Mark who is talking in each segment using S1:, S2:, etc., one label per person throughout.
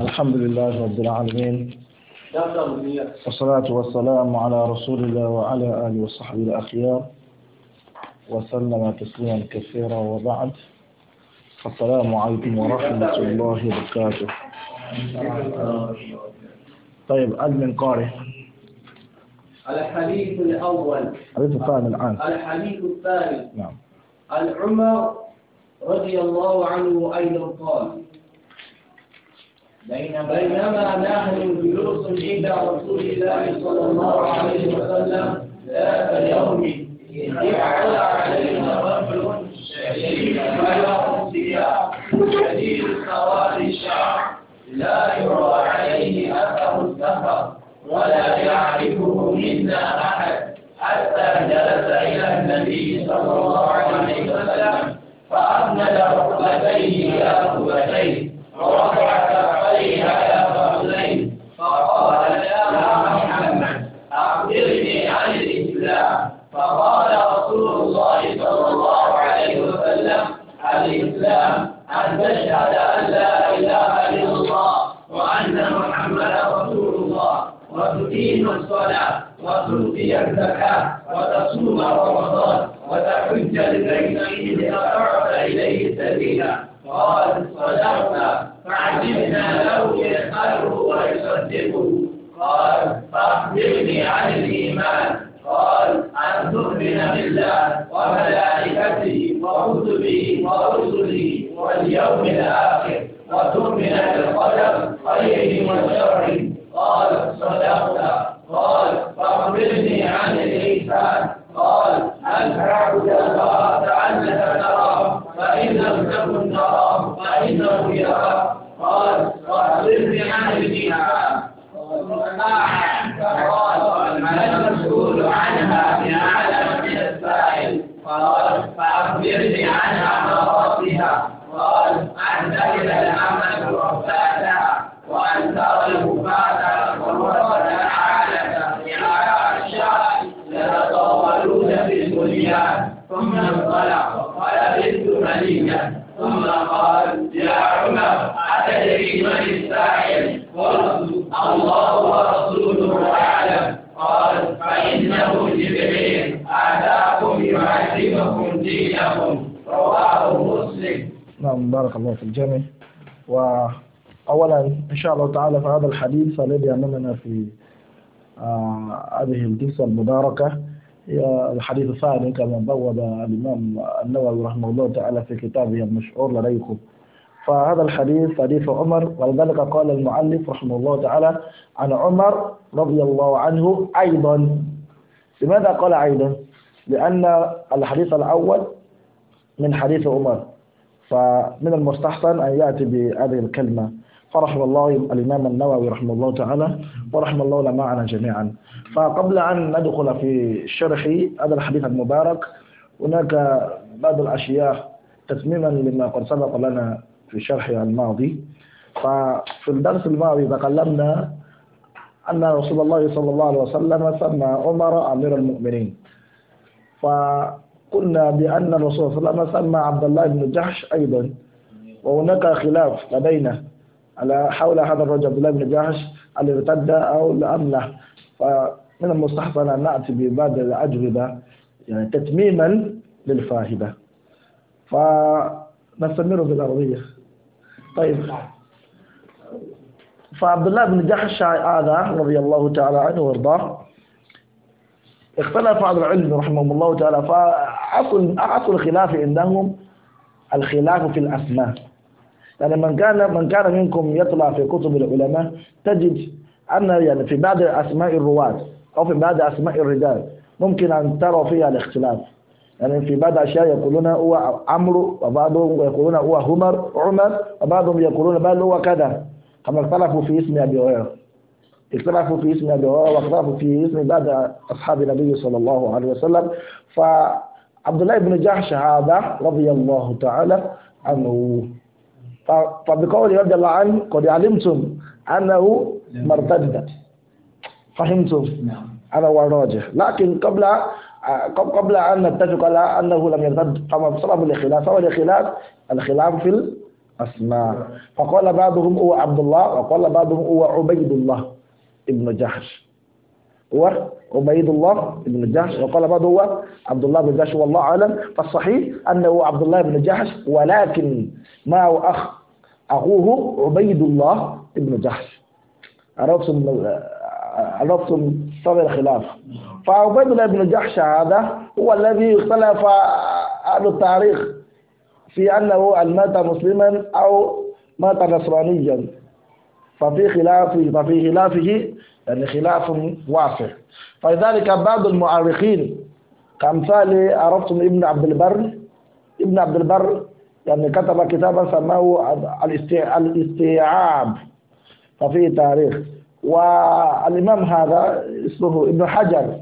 S1: الحمد لله رب العالمين والصلاة والسلام على رسول الله وعلى آله وصحبه الأخيار وسلم تسليما كثيرا وبعد السلام عليكم ورحمة الله وبركاته طيب من قارئ
S2: الحديث الأول الحديث الثاني الآن الحديث الثاني نعم عن عمر رضي الله عنه أيضا قال بين بينما نحن جلوس عند رسول الله صلى الله عليه وسلم ذات يوم اجعل علينا رجل شديد بلغ الثياب شديد سواد الشعر لا يرى عليه اثر السفر ولا يعرفه منا احد حتى جلس الى النبي صلى الله عليه وسلم أحمد ركبتيه أخبتيه اليوم الآخر وتؤمن بالقدر خيره وشره قال صدقت قال عن الإنسان قال أن تعبد الله كأنك تراه فإن لم تكن تراه فإنه يراك قال فأخبرني عن الجهاد قال فأخبرني عن أماراتها قال أن تجد الأمة رباتها وأن ترى الكفاة والوطن العالة رعاء الشعب لتطولون في البنيان ثم انطلق ولبثت مليا ثم قال يا عمر أتدري من
S1: الله في الجامع وأولا إن شاء الله تعالى فهذا الحديث الذي أمامنا في آه، هذه الجلسة المباركة هي الحديث الثاني كما بوب الإمام النووي رحمه الله تعالى في كتابه المشعور لديكم فهذا الحديث حديث عمر ولذلك قال المعلف رحمه الله تعالى عن عمر رضي الله عنه أيضا لماذا قال أيضا؟ لأن الحديث الأول من حديث عمر فمن المستحسن أن يأتي بهذه الكلمة فرحم الله الإمام النووي رحمه الله تعالى ورحم الله لمعنا جميعا فقبل أن ندخل في شرح هذا الحديث المبارك هناك بعض الأشياء تتميما لما قد سبق لنا في شرح الماضي ففي الدرس الماضي تكلمنا أن رسول الله صلى الله عليه وسلم سمى عمر أمير المؤمنين ف قلنا بأن الرسول صلى الله عليه وسلم سمى عبد الله بن جحش أيضا وهناك خلاف لدينا على حول هذا الرجل عبد الله بن جحش هل ارتد أو أم لا فمن المستحسن أن نأتي ببعض الأجوبة يعني تتميما للفاهدة فنستمر في الأرضية طيب نعم. فعبد الله بن جحش هذا رضي الله تعالى عنه وارضاه اختلف بعض العلم رحمه الله تعالى فأصل أصل الخلاف عندهم الخلاف في الأسماء يعني من كان من كان منكم يطلع في كتب العلماء تجد أن يعني في بعض أسماء الرواة أو في بعض أسماء الرجال ممكن أن ترى فيها الاختلاف يعني في بعض أشياء يقولون هو عمرو وبعضهم يقولون هو عمر عمر وبعضهم يقولون بل هو كذا كما اختلفوا في اسم أبي هريرة اختلفوا في اسم أبي هريرة واختلفوا في اسم بعد أصحاب النبي صلى الله عليه وسلم فعبد الله بن جحش هذا رضي الله تعالى عنه فبقول رضي الله عنه قد علمتم أنه مرتد فهمتم نعم. أنا وراجع لكن قبل قبل أن نتفق على أنه لم يرتد كما بسبب الخلاف سبب الخلاف الخلاف في الأسماء فقال بعضهم هو عبد الله وقال بعضهم هو عبيد الله ابن جحش هو عبيد الله بن جحش وقال بعض هو عبد الله بن جحش والله أعلم فالصحيح أنه عبد الله بن جحش ولكن معه أخ أخوه عبيد الله بن جحش عرفتم عرفتم سبب الخلاف فعبيد الله بن جحش هذا هو الذي اختلف أهل التاريخ في أنه أن مات مسلما أو مات نصرانيا ففي خلافه ففي خلافه يعني خلاف واسع فلذلك بعض المؤرخين كمثال عرفتم ابن عبد البر ابن عبد البر يعني كتب كتابا سماه الاستيعاب ففي تاريخ والإمام هذا اسمه ابن حجر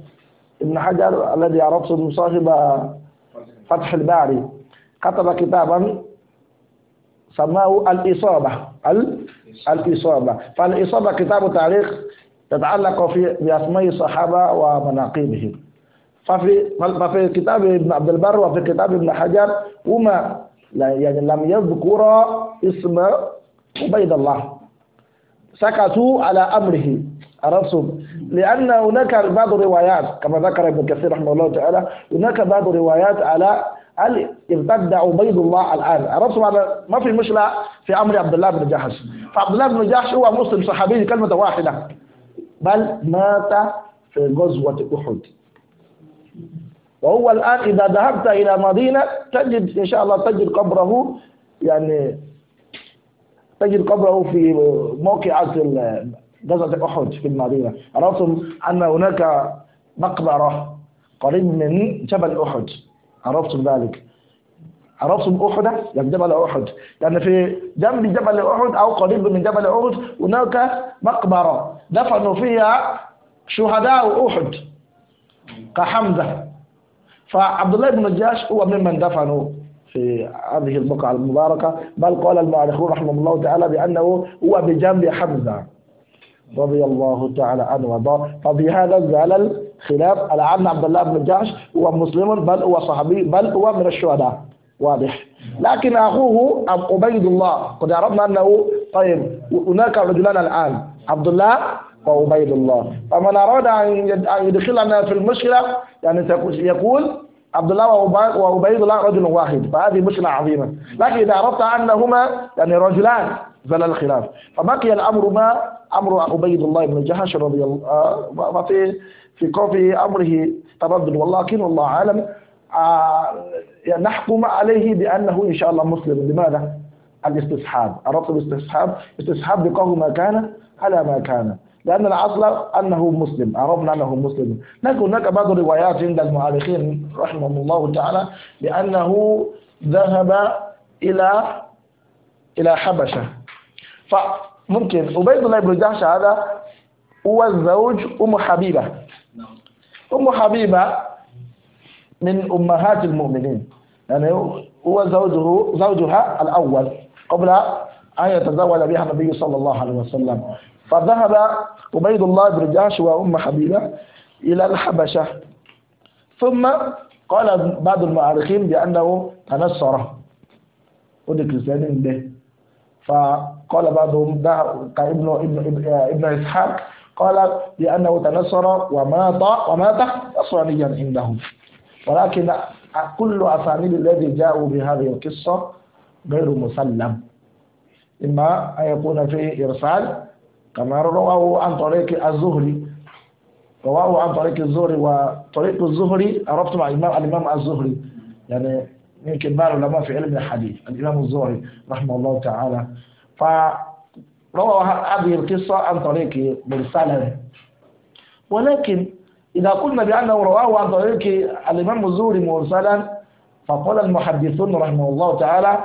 S1: ابن حجر الذي عرفته صاحب فتح الباري كتب كتابا سماه الإصابة الإصابة فالإصابة كتاب تاريخ تتعلق في بأسماء الصحابة ومناقبهم ففي ففي كتاب ابن عبد البر وفي كتاب ابن حجر هما يعني لم يذكرا اسم عبيد الله سكتوا على أمره الرسول لأن هناك بعض الروايات كما ذكر ابن كثير رحمه الله تعالى هناك بعض الروايات على هل ارتد عبيد الله الآن عرفتم هذا ما في مشكلة في أمر عبد الله بن جحش فعبد الله بن جحش هو مسلم صحابي كلمة واحدة بل مات في غزوة أحد وهو الآن إذا ذهبت إلى مدينة تجد إن شاء الله تجد قبره يعني تجد قبره في موقع غزوة أحد في المدينة عرفتم أن هناك مقبرة قريب من جبل أحد عرفتم ذلك عرفتم أحد يعني جبل أحد لأن يعني في جنب جبل أحد أو قريب من جبل أحد هناك مقبرة دفنوا فيها شهداء أحد كحمزة فعبد الله بن الجاش هو ممن دفنوا في هذه البقعة المباركة بل قال المؤرخون رحمه الله تعالى بأنه هو بجنب حمزة رضي الله تعالى عنه وضاه فبهذا زال خلاف على أن عبد الله بن جحش هو مسلم بل هو صحابي بل هو من الشهداء واضح لكن أخوه عبيد الله قد عرفنا أنه طيب هناك رجلان الآن عبد الله وعبيد الله فمن أراد أن يدخلنا في المشكلة يعني يقول عبد الله وعبيد الله رجل واحد فهذه مشكلة عظيمة لكن إذا عرفت أنهما يعني رجلان فلا الخلاف فبقي الأمر ما أمر عبيد الله بن جحش رضي الله عنه آه، في قف أمره تردد ولكن والله أعلم آه، يعني نحكم عليه بأنه إن شاء الله مسلم لماذا؟ الاستصحاب أردت الاستصحاب استصحاب بقاه ما كان على ما كان لأن الأصل أنه مسلم عرفنا أنه مسلم لكن هناك بعض الروايات عند المؤرخين رحمهم الله تعالى بأنه ذهب إلى إلى حبشة فممكن أبيض الله بن جحش هذا هو الزوج أم حبيبة أم حبيبة من أمهات المؤمنين يعني هو زوجه زوجها الأول قبل أن يتزوج بها النبي صلى الله عليه وسلم فذهب عبيد الله بن جاش وأم حبيبة إلى الحبشة ثم قال بعض المؤرخين بأنه تنصر ودي كريستيانين به فقال بعضهم ده كابن ابن, ابن, ابن إسحاق قال لأنه تنصر ومات ومات نصرانيا عندهم ولكن كل أسانيد الذي جاءوا بهذه القصة غير مسلم إما أن يكون فيه إرسال كما رواه عن طريق الزهري رواه عن طريق الزهري وطريق الزهري عرفت مع الإمام الإمام الزهري يعني من كبار العلماء في علم الحديث الإمام الزهري رحمه الله تعالى ف روى أبي القصة عن طريق بن ولكن إذا قلنا بأنه رواه عن طريق الإمام الزهري مرسلا فقال المحدثون رحمه الله تعالى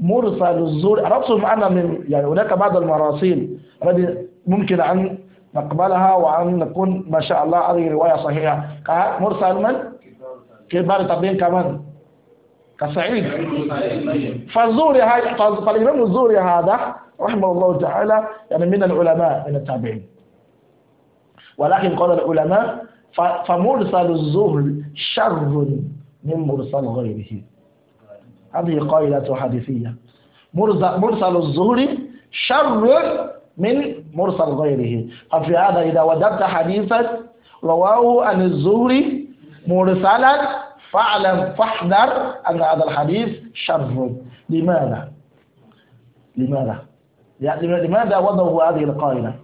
S1: مرسل الزهري عرفتم أن من يعني هناك بعض المراسيل التي ممكن أن نقبلها وأن نكون ما شاء الله هذه رواية صحيحة مرسل من؟ كبار التابعين كمان
S2: كسعيد طيب.
S1: فالزوري هاي فالإمام الزوري هذا رحمه الله تعالى يعني من العلماء من التابعين ولكن قال العلماء فمرسل الزهر شر من مرسل غيره هذه قائلة حديثية مرسل الزهر شر من مرسل غيره ففي هذا إذا وجدت حديثا رواه عن الزهر مرسلا فاعلم فاحذر أن هذا الحديث شر لماذا؟ لماذا؟ يعني لماذا وضعوا هذه القائلة؟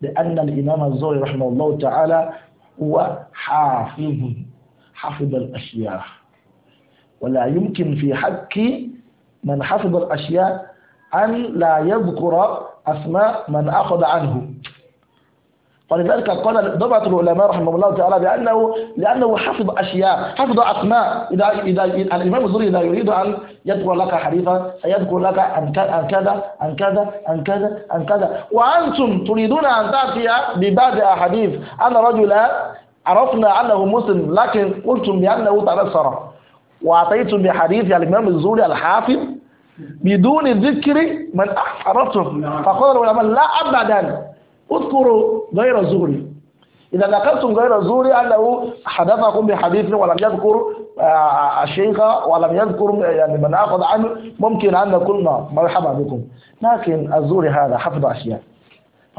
S1: لأن الإمام الزهري رحمه الله تعالى هو حافظ حفظ الأشياء ولا يمكن في حق من حفظ الأشياء أن لا يذكر أسماء من أخذ عنه ولذلك قال ضبعة العلماء رحمه الله تعالى بأنه لأنه حفظ أشياء حفظ أسماء إذا إذا الإمام الزهري إذا يريد أن يذكر لك حديثا سيذكر لك عن كذا عن كذا عن كذا عن كذا وأنتم تريدون أن تأتي ببعض أحاديث أنا رجلا عرفنا أنه مسلم لكن قلتم بأنه تبصر وأتيتم بحديث الإمام الزهري الحافظ بدون ذكر من عرفته نعم. فقال العلماء لا أبدا اذكروا غير الزهري إذا ذكرتم غير الزهري أنه حدثكم بحديث ولم يذكر آه، آه، الشيخ ولم يذكر يعني من أخذ عنه ممكن أن نقول مرحبا بكم لكن الزهري هذا حفظ أشياء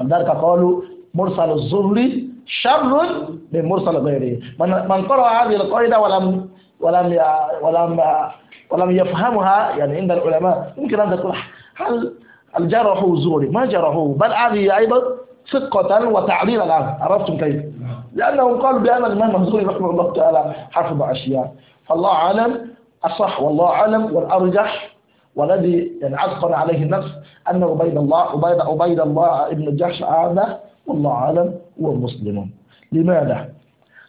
S1: ولذلك قالوا مرسل الزهري شر من مرسل غيره من من قرأ هذه القاعدة ولم ولم ولم ولم يفهمها يعني عند العلماء ممكن أن تقول هل الجرح زوري ما جرحه بل هذه أيضا ثقة وتعليلا عنه عرفتم كيف؟ لأنهم قالوا بأن الإمام الزهري رحمه الله تعالى حفظ أشياء فالله أعلم أصح والله أعلم والأرجح والذي يعني أتقن عليه النفس أن عبيد الله عبيد عبيد الله ابن الجحش هذا والله أعلم هو مسلم لماذا؟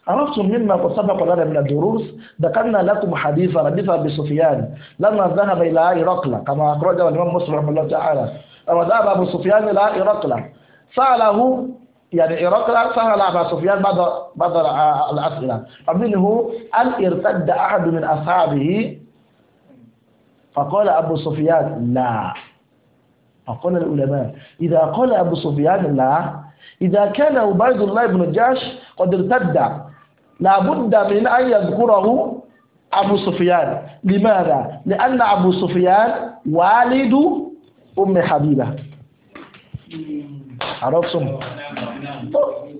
S1: عرفتم مما قد سبق لنا من الدروس ذكرنا لكم حديث حديث أبي سفيان لما ذهب إلى هرقل كما أخرجه الإمام مسلم رحمه الله تعالى لما ذهب أبو سفيان إلى هرقل سأله يعني هرقل سأل أبا سفيان بعض بعض الأسئلة فمنه أن ارتد أحد من أصحابه فقال أبو سفيان لا فقال العلماء إذا قال أبو سفيان لا إذا كان عبيد الله بن جاش قد ارتد لابد من أن يذكره أبو سفيان لماذا؟ لأن أبو سفيان والد أم حبيبة عرفتم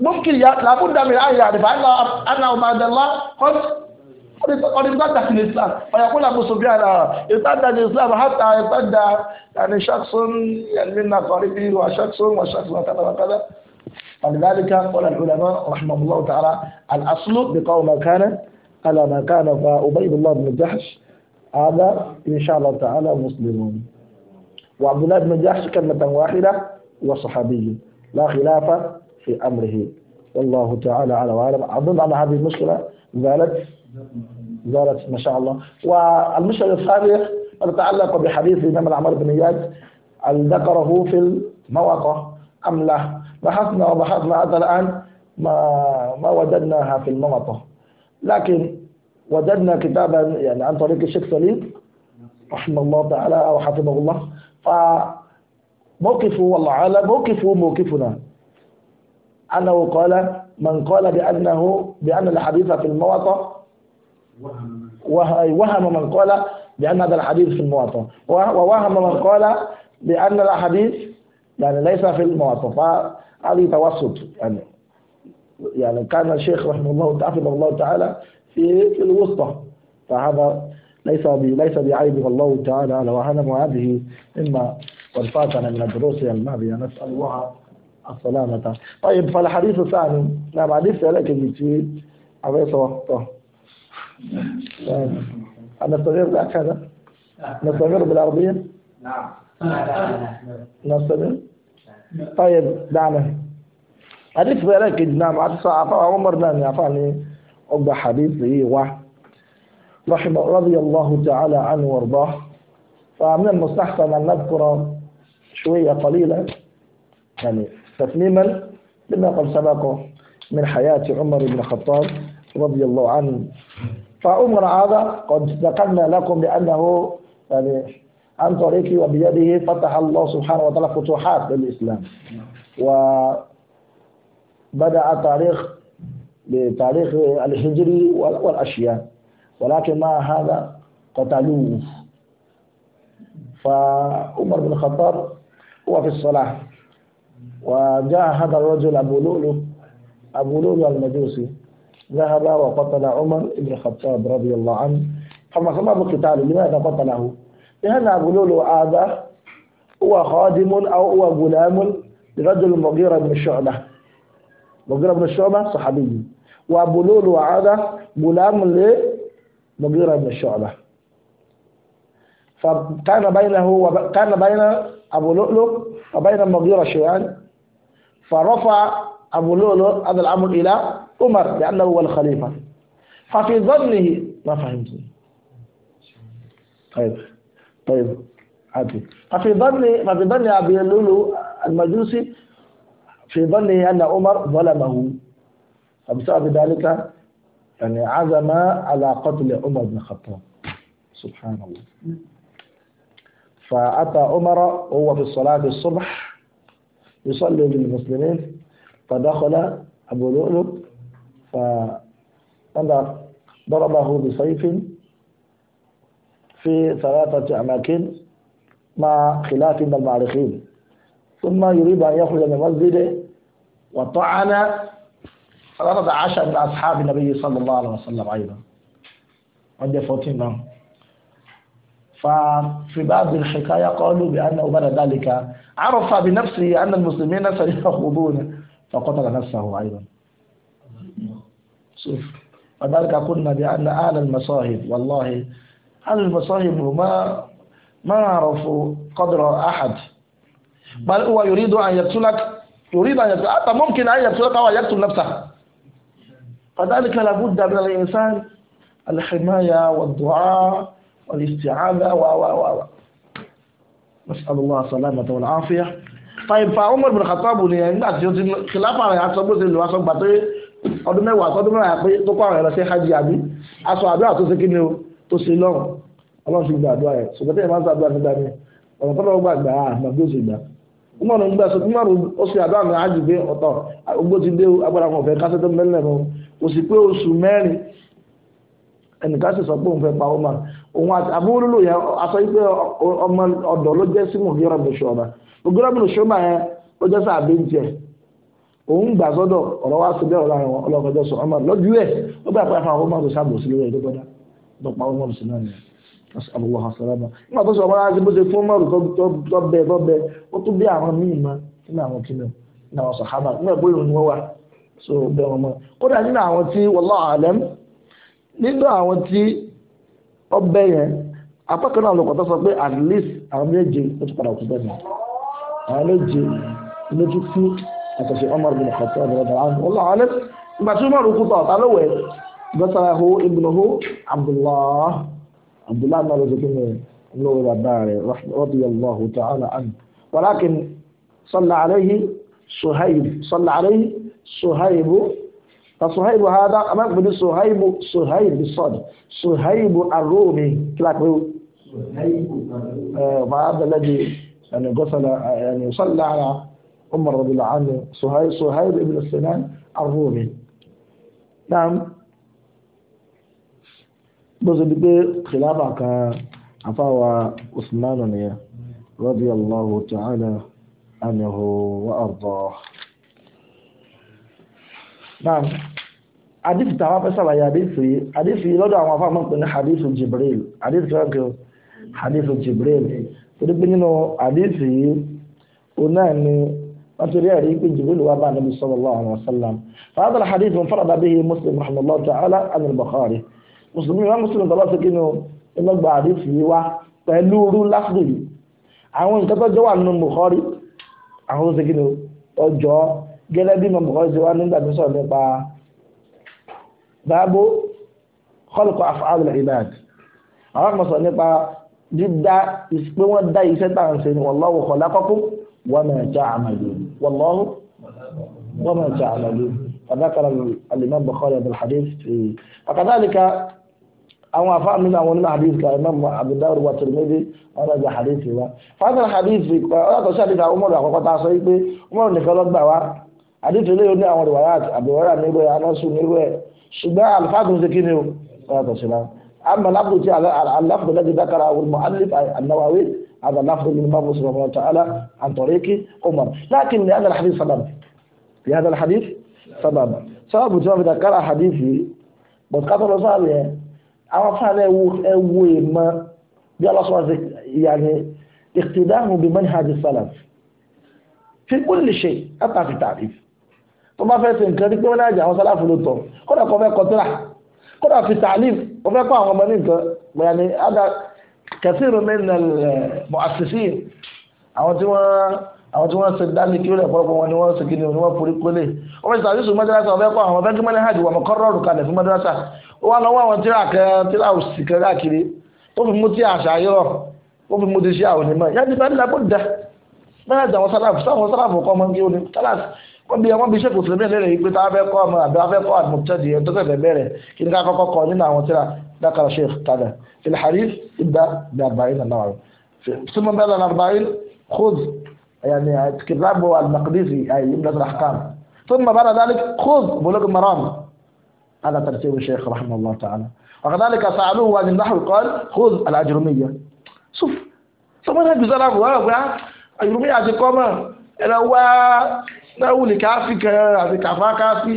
S1: ممكن لابد من أن يعرف أن أن عباد الله قد قد ارتد في الإسلام فيقول أبو سفيان آه، ارتد الإسلام حتى ارتد يعني شخص يعني من أقاربه وشخص وشخص وكذا وكذا ولذلك قال العلماء رحمه الله تعالى الأصل بقول ما كان على ما كان فأبي الله بن جحش هذا إن شاء الله تعالى مسلمون وعبد الله بن جحش كلمة واحدة وصحابي لا خلاف في أمره والله تعالى على وعلم أظن أن هذه المشكلة زالت زالت ما شاء الله والمشكلة الثالث تتعلق بحديث الإمام عمر بن إياد ذكره في المواقع أم لا بحثنا وبحثنا حتى الآن ما ما وجدناها في المواقع لكن وجدنا كتابا يعني عن طريق الشيخ سليم رحمه الله تعالى وحفظه الله ف موقفه والله أعلم موقفه موقفنا أنه قال من قال بأنه بأن الحديث في الموطأ وهم من قال بأن هذا الحديث في الموطأ ووهم من قال بأن الحديث يعني ليس في الموطأ فهذه توسط يعني يعني كان الشيخ رحمه الله حفظه الله تعالى في في الوسطى فهذا ليس ليس بعيب والله تعالى وهذا هذه إما والفاتنة من الدروس الماضية نسأل الله السلامة طيب فالحديث الثاني نعم حديث طيب. لك في عبيس وقته نستمر بهكذا نستمر بالأرضية نعم نستمر طيب دعنا حديث ذلك نعم حديث عمر نعم يعفاني أبا حديثه واحد رحمه رضي الله تعالى عنه وارضاه فمن المستحسن أن نذكر شوية قليلة يعني تتميما لما قد سبقه من حياة عمر بن الخطاب رضي الله عنه فعمر هذا قد ذكرنا لكم بأنه يعني عن طريقه وبيده فتح الله سبحانه وتعالى فتوحات للإسلام وبدأ التاريخ بتاريخ الهجري والأشياء ولكن مع هذا قتلوه فعمر بن الخطاب وفي الصلاة وجاء هذا الرجل أبو لولو أبو لولو المجوسي ذهب وقتل عمر بن الخطاب رضي الله عنه فما سمى بقتال لماذا قتله؟ لأن أبو لولو هذا هو خادم أو هو غلام لرجل المغيرة بن شعبة مغيرة بن شعبة صحابي وأبو لولو هذا غلام لمغيرة بن شعبة فكان بينه وكان كان بين أبو لؤلؤ وبين المغيرة شيئان فرفع أبو لؤلؤ هذا الأمر إلى عمر لأنه هو الخليفة ففي ظنه ما فهمت طيب طيب عادي ففي ظني ففي ظني أبي لؤلؤ المجوسي في ظنه أن عمر ظلمه فبسبب ذلك يعني عزم على قتل عمر بن الخطاب سبحان الله فأتى عمر وهو في صلاة الصبح يصلي للمسلمين فدخل أبو لؤلؤ ضربه بسيف في ثلاثة أماكن مع خلاف من المعرخين ثم يريد أن يخرج من المسجد وطعن ثلاثة عشر من أصحاب النبي صلى الله عليه وسلم أيضا. On 14 ففي بعض الحكاية قالوا بأنه بعد ذلك عرف بنفسه أن المسلمين سيخوضون فقتل نفسه أيضا شوف وذلك قلنا بأن أهل المصاهب والله أهل المصاهب ما ما عرفوا قدر أحد بل هو يريد أن يقتلك يريد أن يقتلك حتى ممكن أن يقتلك أو يقتل نفسه فذلك لابد من الإنسان الحماية والدعاء والاستعاذة و و و نسأل الله السلامة والعافية طيب فعمر بن الخطاب nígbà tí ó ti خلاف àwọn aṣọ bó ṣe lò aṣọ gbà pé ọdún mẹ́wàá ọdún mẹ́wàá pé tó kọ́ àwọn ẹ̀rọ sí hajj àbí aṣọ àdúrà tó ṣe kíni o tó ṣe lọ́rùn ọlọ́run ti gba àdúrà rẹ̀ ṣùgbọ́n tẹ́yìn máa ń sàdúrà nígbà mi ọ̀nà tó lọ́wọ́ gbàgbà àmọ́ bí ó ṣe gbà umar ń gbà sọ umar ó ṣe àdúrà mi hajj pé ọ̀tọ̀ ogbó ti dé agbára wọn ọ̀fẹ́ kásẹ̀ tó mẹ́lẹ̀ mọ́ kò sì pé oṣù mẹ́rin ẹnìkan sì sọ pé òun fẹ́ pa umar òun àbúrúlò yẹn aṣọ yìí pé ọmọ ọ̀dọ̀ ló jẹ́ sí mọ̀gírọ̀ bù ṣọ́ba mọ̀gírọ̀ bù ṣọ́ba yẹn ó jẹ́ sáà bí ń tiẹ̀ òun gbà sọ́dọ̀ ọ̀rọ̀ wa sí bẹ́ẹ̀ láàrin ọlọ́kọjọ́ sọ ọmọ lọ́jú ẹ̀ ó gbà pé àwọn ọmọ ọ̀sán bò sí lórí ẹ̀dọ́ gbọ́dá lọ́pa ọmọ ọ̀sán náà nìyẹn asàlùwọ̀ àsàlámà nígbà tó sọ ọmọ láti bó ṣe fún mọ́rù tó bẹ tó bẹ ó tún ọbẹ̀ yẹn apá kan náà lọ́kọ̀ọ́ sọ pé at least àwọn méje ló ti padà kú bẹ́ẹ̀ ni àwọn méje ló ti kú àtàṣe Umar bin Khattab radiyallahu anhu wallahu a'lam ìgbà tí Umar kú tọ̀ ta ló wẹ̀ gbẹ́sàáhó ibùdókó Abdullah Abdullah náà ló ti kí ni lówó bàbá rẹ̀ radiyallahu ta'ala anhu walakin فصهيب هذا أما بدي صهيب صهيب الصاد صهيب الرومي كلا كلاك بيو آه، هذا الذي يعني غسل يعني صلى على عمر رضي الله عنه صهيب صهيب ابن السنان الرومي نعم بس بدي خلافك kìláàfà kan رضي الله تعالى عنه وأرضاه نعم àdìsí tàwa fẹ́ sàlàyé àdìsí yìí àdìsí yìí lọ́dọ̀ àwọn afáàmọ́ pé ní hadithu jibril àdìsí kan kí o hadithu jibril torí pé nínú àdìsí yìí o náà ni wọ́n ti rí ẹ̀rí pé jibril wà bá nabi sallallahu alaihi wasallam fàádà hadithu ń farada bihi muslim rahimahullah ta'ala anil bukhari muslim ìwà muslim tọ́lá sí kínú iná gba àdìsí yìí wá pẹ̀lú rú lásìrì àwọn nǹkan jẹ́ wà nínú bukhari àwọn ó kínú ọjọ́ gẹ́lẹ́ bí mo bukhari ti wá nígbà tó sọ̀rọ̀ nípa báàbò kọ́lùkọ́ afáàlù ibad àwọn kan sọ nípa dídá pé wọ́n dá iṣẹ́ tá à ń ṣe ni wallahu khalaqakum wa ma ta'malun wallahu wa ma ta'malun fàdákàrà al-imam Bukhari abdulhadith fi àkàdálíkà àwọn afáà mi náà wọn nínú hadith kan imam Abu Dawud wa Tirmidhi wọn náà gba hadith wa fàdákàrà hadith ọlọ́tọ̀ sí hadith àwọn ọmọdé àkọ́kọ́ tá a sọ wípé ọmọdé nìkan lọ́gbà wa hadith ilé yóò ní àwọn ìwàyà àbẹ̀wẹ́rà nígbẹ́ anásù ṣùgbọ́n alifáàtún ṣe kí ni o ọ̀rọ̀ ṣe náà amma lafdu ti alafdu lati dakara awul mu'allif an-nawawi هذا لفظ للإمام مسلم رحمه الله تعالى عن طريق عمر لكن لهذا الحديث سبب لهذا الحديث سبب سبب جواب ذكر حديثي بس قد رسال àwọn afáàlẹ ẹwọ ẹwọ ìmọ̀ bí alásùnwà ṣe yàní ìtìdáhùn bí manhaj salaf fi kulli shay àtàfi ta'rif tó bá fẹ́ ṣe nǹkan rí pé wọ́n lájà àwọn sálàfù ló tọ̀ kódà kọ́ fẹ́ kọtíra kódà fi tàlíf ó fẹ́ kọ́ àwọn ọmọ ní nǹkan bóyá ni ada kẹsí romain mọ àṣìṣe àwọn tí wọ́n àwọn tí wọ́n ṣe dání kí ó lè pọ́lọpọ́ wọn ni wọ́n ṣe kíni ni wọ́n forí kólé ó fẹ́ sàbíṣù mọ́dúrásà ọ̀fẹ́ kọ́ àwọn fẹ́kí mẹ́lẹ́ hajj wà mọ́ kalẹ̀ fún mọ́dúrásà ó wá lọ́wọ́ àwọn tíra kẹ tíra òsì kẹ káàkiri ó fi mú tí àṣà yọ̀ ó fi mú ti ṣe àwọn onímọ̀ yá ti fẹ́ lápò dá mẹ́rẹ̀ẹ́dì àwọn sálàfù sáwọn wọn ní kálàsì wọ́n bí wọ́n bí sẹ́kù sílẹ̀mí lẹ́rẹ̀ yìí pé tá a fẹ́ kọ́ ọmọ àbí a fẹ́ kọ́ àdìmọ̀tẹ́dì ẹ̀ tọ́sẹ̀fẹ̀ bẹ̀rẹ̀ kí ni ká seku sílẹ̀ lere yii pe kọ́ nínú àwọn tíra dákàrà ṣe tada fil hadith ibda bi arba'in an-nawawi ثم بعد الأربعين خذ يعني كتابه المقدسي أي ابن الأحكام ثم بعد ذلك àyùrùmí àti kọ́mọ̀ ẹ̀rọ wá náwó lè káfí kan àti kàfá káfí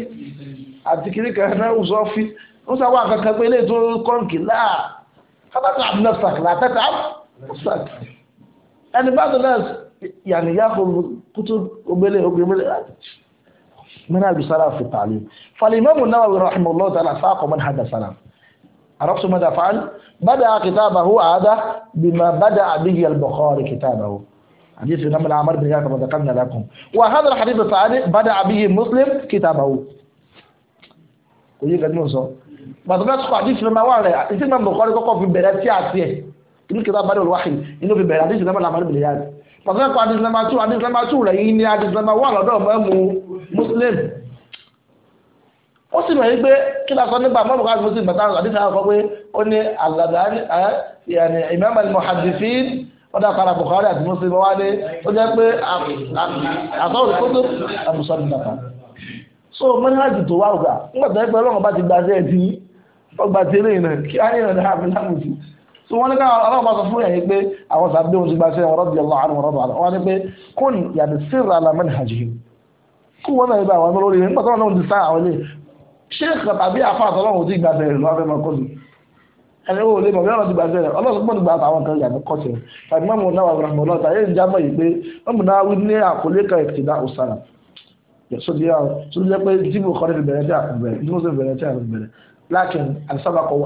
S1: àti kiri kan náwó sọ́fí ó sáwọ́ àkàkà pé ilé tó kọ́ǹkì láà kábàtà àbúnafsàk látẹ́tà àbúnafsàk ẹni bá tó náà yànnìyá kò kútó ogbélé ogbélé منهج السلف في التعليم فالإمام النووي رحمه الله تعالى ساق منهج السلف عرفت ماذا فعل؟ بدأ كتابه هذا بما بدأ به البخاري كتابه حديث في نمل عمر بن كما ذكرنا لكم وهذا الحديث الثاني بدا به مسلم كتابه كل كلمه صح ما تبقى تقول حديث لما وعلى انت ما بقول كوكو في بلاد سياسيه كل كتاب بدا الوحي انه في بلاد حديث نمل عمر بن زياد ما تبقى حديث لما تو حديث لما تو لا يني حديث لما وعلى ده مسلم ó sì mọ̀ yí pé kí la sọ nípa mọ́bùkà àti mùsùlùmí bàtà àdìsá àkọ́kọ́ pé ó ní àlàdà ìmọ̀ àmàlì mọ̀hàdìfín ọ̀dà kara Bukhari àti Muslim wá dé ó jẹ́ pé àtọ́wò tó tó nàkà. so mẹ́nìlájì tó wá ògbà nígbà tó yẹ pé ọlọ́run bá ti gbà sí ọgbà tí eléyìí náà kí á yẹn náà fi láàmú sí. so wọ́n ní ká ọlọ́run bá sọ fún yẹn pé àwọn sàbí ohun ti gbà sí ẹ̀wọ̀n rọ́bì ọlọ́run àwọn rọ́bì àwọn ni pé kún yàtì síra la mẹ́nìlájì kú wọn náà yẹ bá àwọn ọmọ lórí yẹn nígbà tó ẹni wo lè mọ̀ bí wọ́n ti gbà sílẹ̀ ọlọ́run gbọ́dọ̀ gba àwọn kan yà ní kọ́tì tàbí mọ́mù náà wà mọ́ náà tàyè ìjà mọ̀ yìí pé mọ́mù náà wí ní àkọlé kan ìtìdá òsàlà sódì àwọn sódì jẹ́ pé jíìmù kọ́ni ti bẹ̀rẹ̀ tí a kùn bẹ̀rẹ̀ jíìmù sì bẹ̀rẹ̀ tí a bẹ̀rẹ̀ lákin àìsàbàkọ̀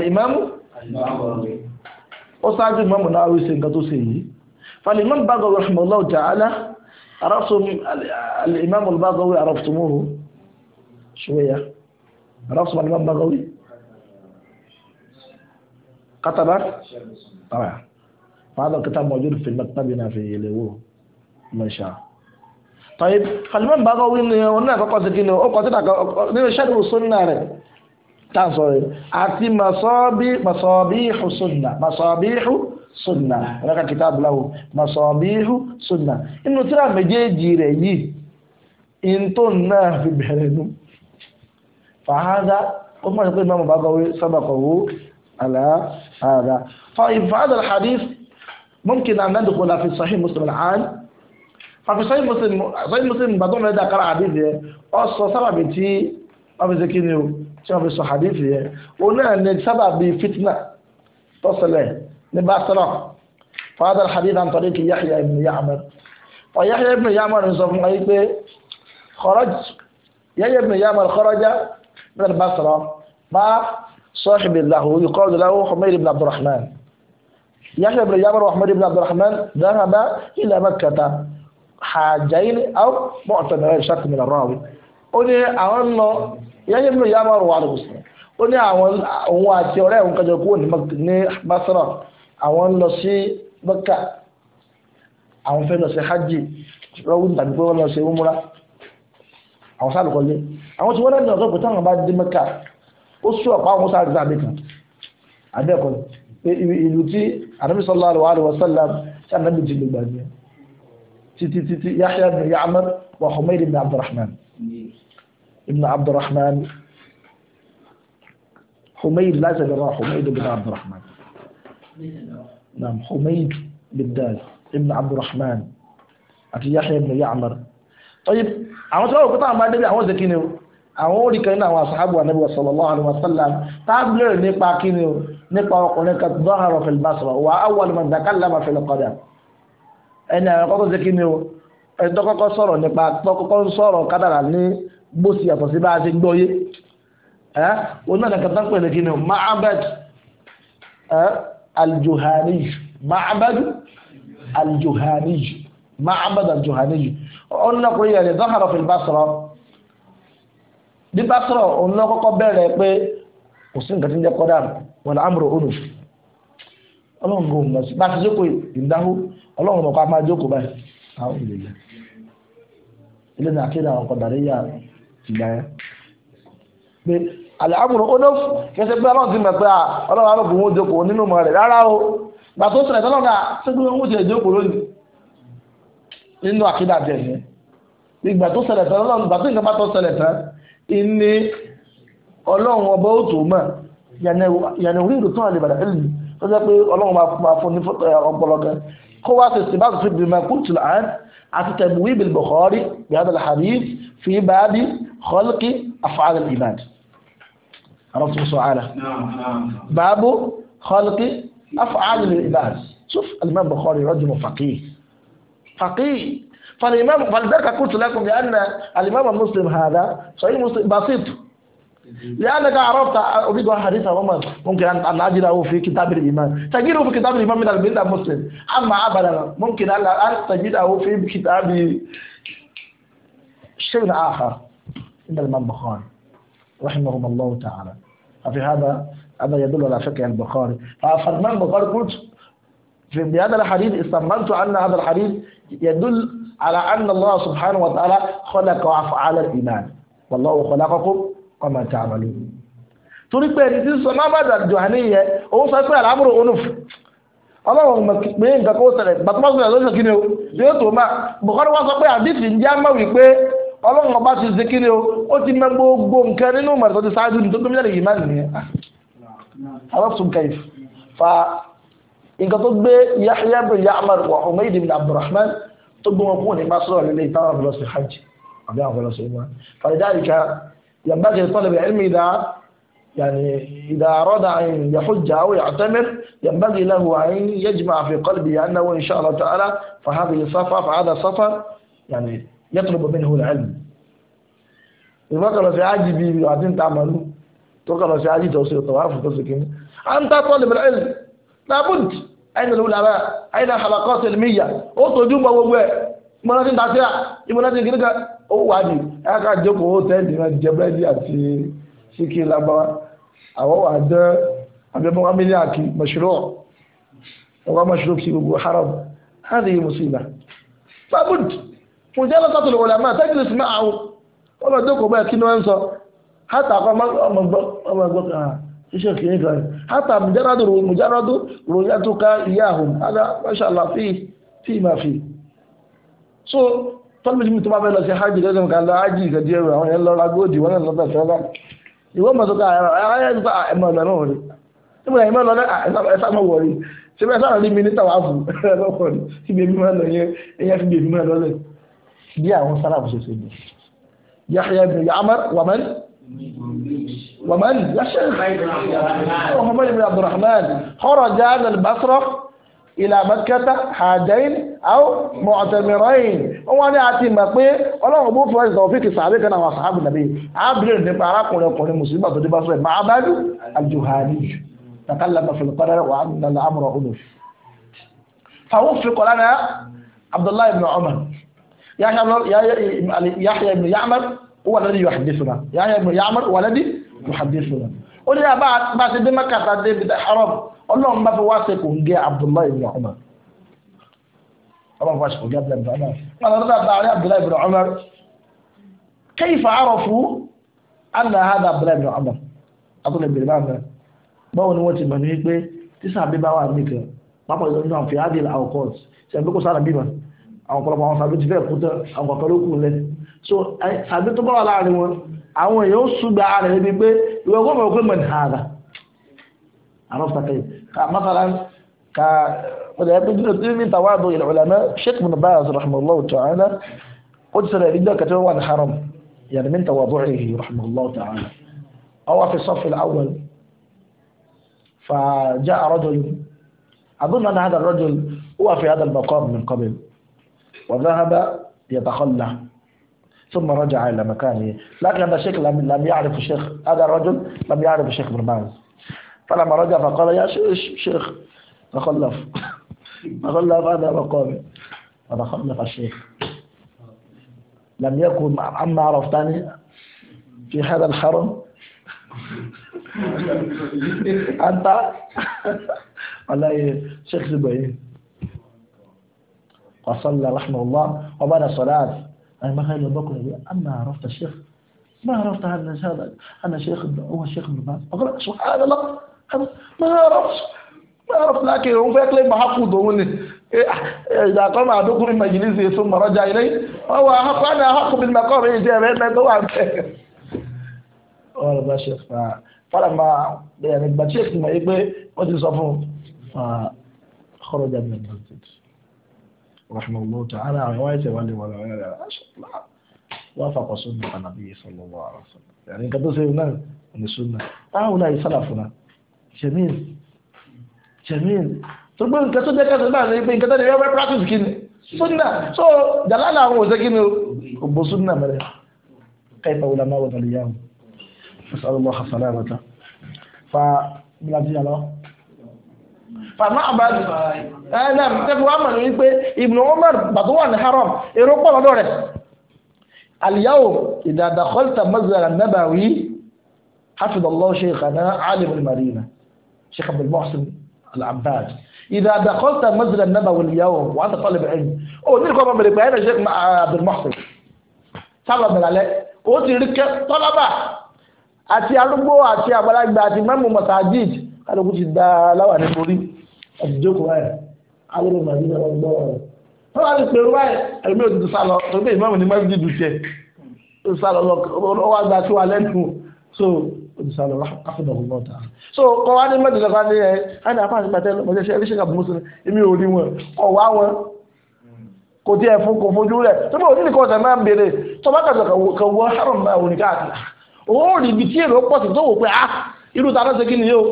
S1: ahad bí hada ó ṣáájú Imam Nawawi ṣe nǹkan tó ṣe yìí fal-Imam Baghawi rahimahullah ta'ala araftum al-Imam al-Baghawi araftumuhu شوية رسم الإمام البغوي كتب طبعا هذا الكتاب موجود في مكتبنا في ليوو ما شاء طيب فالإمام البغوي هناك قصدي أنه قصدي أنه شرح السنة táǹsọ̀rọ̀ àti masọ́bí masọ́bíhù sunna masọ́bíhù sunna ẹ̀rọ kitabu lahu masọ́bíhù sunna inú tíra méjèèjì rẹ̀ yìí ìntò náà fi bẹ̀rẹ̀ nù fàhádà ó máa ń pè máa bá gọ́wé sábàkọ̀wó àlàáhàdà fàhádà hadith ممكن أن ندخل في صحيح مسلم الآن ففي صحيح مسلم صحيح مسلم بعضهم يدعى قرأ حديث أصلا سبب تي أبي زكينيو tí wọ́n fi sọ hadith yẹn òun náà ní sábà bíi fitna tó ṣẹlẹ̀ ní basra fàdà hadith an tariqi yahya ibn ya'mar fa yahya ibn ya'mar ń sọ fún wa yìí pé kharaj yahya ibn ya'mar kharaja min al-basra ma صاحب له يقال له حمير بن عبد الرحمن يحيى بن جابر وحمير بن عبد الرحمن ذهب إلى مكة حاجين أو معتمرين شك من الراوي ó ní ìyáyé mi ìyá máa rò wà lóko sùn ó ní àwọn òun àti ọ̀rẹ́ òun kẹjọ kúrò ní basra àwọn ń lọ sí mẹ́kà àwọn fẹ́ lọ sí hajj rọ́wùn tàbí pé wọ́n lọ sí umra àwọn sáà lùkọ́ lé àwọn tí wọ́n lẹ́nu ọ̀sọ́ pé táwọn bá dé mẹ́kà ó sú ọ̀pá àwọn sáà rìsá àbẹ́kan àbẹ́ẹ̀kọ́ ìlú tí àdàbí sọlá àlùwà àlùwà sálàm tí àdàbí ti lè gbàgbé títí títí yahya bin ya'mar wa humayr bin abdulrahman ابن عبد الرحمن حميد لا زال راه حميد بن عبد الرحمن نعم حميد بالدال ابن عبد الرحمن أبي يحيى بن يعمر طيب عاوز أقول قطع ما أدري عاوز كينيو عاوز كينا وأصحاب النبي صلى الله عليه وسلم تابل نبقى كينيو نبقى ظهر في البصرة أول من تكلم في القدم أنا قطع ذكينيو الدقاق صار نبقى الدقاق صار كذا عليه bó sì yàtọ̀ sí bá a ti gbọ́ yé ẹ́ wọn náà pè ní kíni aljohanij aljohanij aljohanij náà zahara bí náà pé kò sí nǹkan tí ń wọn amúrò sí bá a ti jókòó ìdáhù a máa jókòó báyìí ilé ní akéde àwọn ìgbà yẹn pé àlàámùrù onof kẹsẹ pé ti mọ̀ pé Ọlọ́run alóògùn jókòó nínú o gbà tó jókòó lónìí nínú àkídà ìgbà tó tán Ọlọ́run gbà tó tó tán ìní Ọlọ́run orí ìlú tó tó pé Ọlọ́run máa fún على تبويب البخاري بهذا الحديث في باب خلق أفعال العباد عرفت سؤاله نعم نعم باب خلق أفعال العباد شوف الإمام البخاري رجل فقيه فقيه فالإمام فلذلك قلت لكم بأن الإمام المسلم هذا صحيح مسلم بسيط لأنك عرفت أريد حديث عمر ممكن أن أجده في كتاب الإيمان تجده في كتاب الإيمان من البلد المسلم أما أبدا ممكن أن تجده في كتاب شيء آخر إن البخاري رحمه الله تعالى ففي هذا هذا يدل على فقه البخاري فالإمام البخاري قلت في هذا الحديث استمرت أن هذا الحديث يدل على أن الله سبحانه وتعالى خلق أفعال الإيمان والله خلقكم ọmọ tí a mọ̀lẹ́ torí pé ẹni tí sọ mábàdà jọ̀hánì yẹ òun sọ pé àlámúrò onuf ọlọ́run mọ̀ pé nǹkan kó ṣẹlẹ̀ gbàtúmọ̀ sọ̀rọ̀ lóṣù kí ni o yóò tó máa bùkọ́ni wọ́n sọ pé àdìsí ń jẹ́ àmọ́ wípé ọlọ́run ọba ti ṣe kí ni o ó ti mọ gbogbo nǹkan nínú mọ̀tò ti ṣáájú ní tó tó mílíọ̀nù yìí máa nìyẹn alọ́sùn kẹf fa nǹkan tó gbé Yahya bin Ya'mar wa Humayd bin Abdurrahman tó gbé wọn kúrò ní masoro lélẹ́yìí táwọn ọ̀bẹ̀lọ́sẹ̀ hajj àbí àwọn ọ̀bẹ̀lọ́sẹ̀ wọn fàdídà ينبغي لطالب العلم إذا يعني إذا أراد أن يحج أو يعتمر ينبغي له أن يجمع في قلبه أنه إن شاء الله تعالى فهذه سفر فهذا سفر يعني يطلب منه العلم يبقى في عاجي بيبي وعدين تعملوا تبقى في عاجي توصيل الطواف وتوصيل أنت طالب العلم لابد أين العلماء؟ أين حلقات علميه؟ المية؟ أوتو جوبا ووي ما لازم تعطيها؟ ما لازم ó wà ní ẹ̀ka jókòó hótẹ́ẹ̀lì náà jẹ àti síkì lábáwá àwọn wà dán abẹ́mọ́wá mílíàkì mọ̀ṣúrọ̀ ọwọ́ mọ̀ṣúrọ̀ sí gbogbo haram hádìí mùsùlùmá fún jẹ́ lọ́sàtò lọ́wọ́ máa bẹ́ẹ̀ kí ni wọ́n ń sọ hátà kọ́ ọmọ ẹgbọ́ kan fi tọ́lùmí mi tó bá be lọ sí hajj lọ́sẹ̀ kan lọ hajj ìkàdí ẹ̀rọ àwọn yẹn lọ́ra góòdì wọn náà lọ́bẹ̀ sọ́lá ìwọ mọ̀tòkà ẹ̀mọ̀ ọ̀dọ̀ náà rí nígbà yẹn mọ̀ lọ́dẹ ẹ̀sà mọ̀ wọ̀rí ṣé bẹ́ẹ̀ sáà rí mi ní tàwáfù lọ́wọ́ rí tí bèbí máa lọ yẹn ẹ̀yẹ fi bèbí máa lọ́lẹ̀ bí àwọn sáràbù ṣe ṣe ni Yahya ibn Ya'mar wàmán wàmán Yahya ibn Abdurrahman kharaja al-Basra ilà mẹ́kẹ́tà hàjẹ́yìn àwọn mọ̀tẹ̀mìrọ́yìn wọ́n ní àti mọ̀ pé ọlọ́run bó fọ́ ìsọ̀ fíkì sàbẹ̀ kan àwọn sàbẹ̀ nàbí abúlé nípa arákùnrin ọkùnrin mùsùlùmí àtọ́jú bá fẹ́ máa bá aljuhani nàkàlà mẹ́fẹ̀lẹ̀ padà wà nàlà àmúrọ̀ ọ̀nà. fàwọn fi kọ́ lánàá abdullahi ibn umar yahya ibn ya'mar wàlẹ́dí yuhaddithuna yahya ó ní abá bá ṣe dé mẹ́kàtà david haram ọlọ́run bá fi wá ṣe kò ń gé abdullahi ibn umar ọlọ́run bá ṣe kò ń gé abdullahi ibn umar wọn lọ́dọ̀ bá rí abdullahi ibn umar kayfa arafu anna hada abdullahi ibn umar akọ́lẹ̀ bèrè bá mẹ́rin báwo ni wọ́n ti mọ̀ ní pé tíṣà bí bá wà nìkan pápá ìlú náà fi adil alcourt ṣe ẹgbẹ́ kó sára bímọ àwọn ọ̀pọ̀lọpọ̀ àwọn sàbí ti fẹ́ kú tán àwọn kọ̀ọ̀kan ló kù lẹ́nu so tàbí tó bá wà láàrin wọn àwọn èèyàn ó ṣùgbà rẹ̀ níbi pé ìwọ gbọ́n mọ̀ pé mọ̀ ní ààrà àrùn fàkàyè ká mọ́tàlá ká wọ́n yẹ pé ní tàwa àbò ìlú ọ̀làmẹ́ sheikh bin Baz rahimahullah ta'ala ó ti sọ̀rọ̀ ìdíjọ́ kẹtẹ́ wà ní haram yàrá mi tàwa àbò ìlú rahimahullah ta'ala ọwọ́ fi sọ́fì awwal فجاء رجل أظن أن هذا الرجل هو في هذا المقام من قبل وذهب يتخلى ثم رجع إلى مكانه لكن هذا الشيخ لم يعرف الشيخ هذا الرجل لم يعرف الشيخ بن باز فلما رجع فقال يا شيخ تخلف تخلف هذا مقامي فتخلف الشيخ لم يكن عما عرفتني في هذا الحرم أنت والله شيخ زبيدي وصلى رحمه الله وبنى الصلاه أي ما خير البقرة دي أنا عرفت الشيخ ما عرفت هذا هذا أنا شيخ هو الشيخ ابن باز أقول هذا لا ما عرفت ما عرفت لكن هو فيك ما حقه دوني إيه، إذا قام عدوكم من مجلسه ثم رجع إلي هو أحق أنا أحق بالمقام إجابة هو ọ̀rọ̀ bá ṣe fà á fàlàmà bẹ̀rẹ̀ gbàtíyèsí mọ̀ yí pé wọ́n ti sọ fún un fà رحمه الله تعالى روايته والي ولا ولا لا وافق سنة النبي صلى الله عليه وسلم يعني قد سيدنا من السنة هؤلاء سلفنا جميل جميل ثم nǹkan tó jẹ́ kẹsàn-án náà ni pé nǹkan tó ní wọ́n fẹ́ practice kí ni sunna so jalala àwọn oh, òṣè kí ni o bó sunna mẹ́rẹ̀ kẹfà wùlà máa wọ̀ tàlẹ́ yàwó masalúlọ́ hasalẹ́ àbàtà fa bíláàtì yàrá fàmà àbájú ẹ̀ẹ́dà tẹ́fù wà mọ̀lẹ́ wípé Ibn Umar bàtú wà ní haram èrò pọ̀ lọ́dọ̀ rẹ̀ àlìyáwó ìdàdàkọ́lítà mọ́sálà nàbàwí hafidallahu sheikhana alim al-marina sheikh abdul muhsin al-abbad ìdàdàkọ́lítà mọ́sálà nàbàwí àlìyáwó wà á tàfà lẹ́bẹ̀ẹ́ yìí ó ní kọ́ ọmọ mẹ́lẹ̀ pẹ̀lú sheikh abdul muhsin sábà mẹ́lẹ̀ ó ti rí kẹ́ tọ́lábà àti arúgbó àti àgbàlagbà àti mẹ́mú mọ̀sáàjì àtijọ́kọ̀ ẹ̀ alẹ́ màdí náà wọ́n gbọ́rọ̀ rẹ̀ wọ́n wá ní pẹ̀lú báyìí ẹ̀mí ò ti sá lọ tó bẹ́ẹ̀ ìmọ̀ ní mẹ́sìdì dùn tiẹ̀ ó sá lọ lọ ó wá gba sí wa lẹ́nu so ó ti sá lọ afọ́dọ̀ ọ̀gbọ́n ta so kọ́ wá ní mẹ́tẹ̀ẹ̀sẹ̀ kan ní ẹ̀ ẹni àpá àti pàtẹ́ lọ́mọdé ṣe ẹni ṣe kàbùmù sílẹ̀ èmi ò rí wọn kọ̀ wá wọn kò tiẹ̀ fún kò fojú rẹ̀ tó bá òdìní kọ́ọ̀tà máa ń béèrè tó bá kàtà kàwọ́ haram báwo ní káàkiri òun ò rí ibi tí èrò pọ̀ sí tó wò pé ah irú ta lọ́sẹ̀ kí ni yóò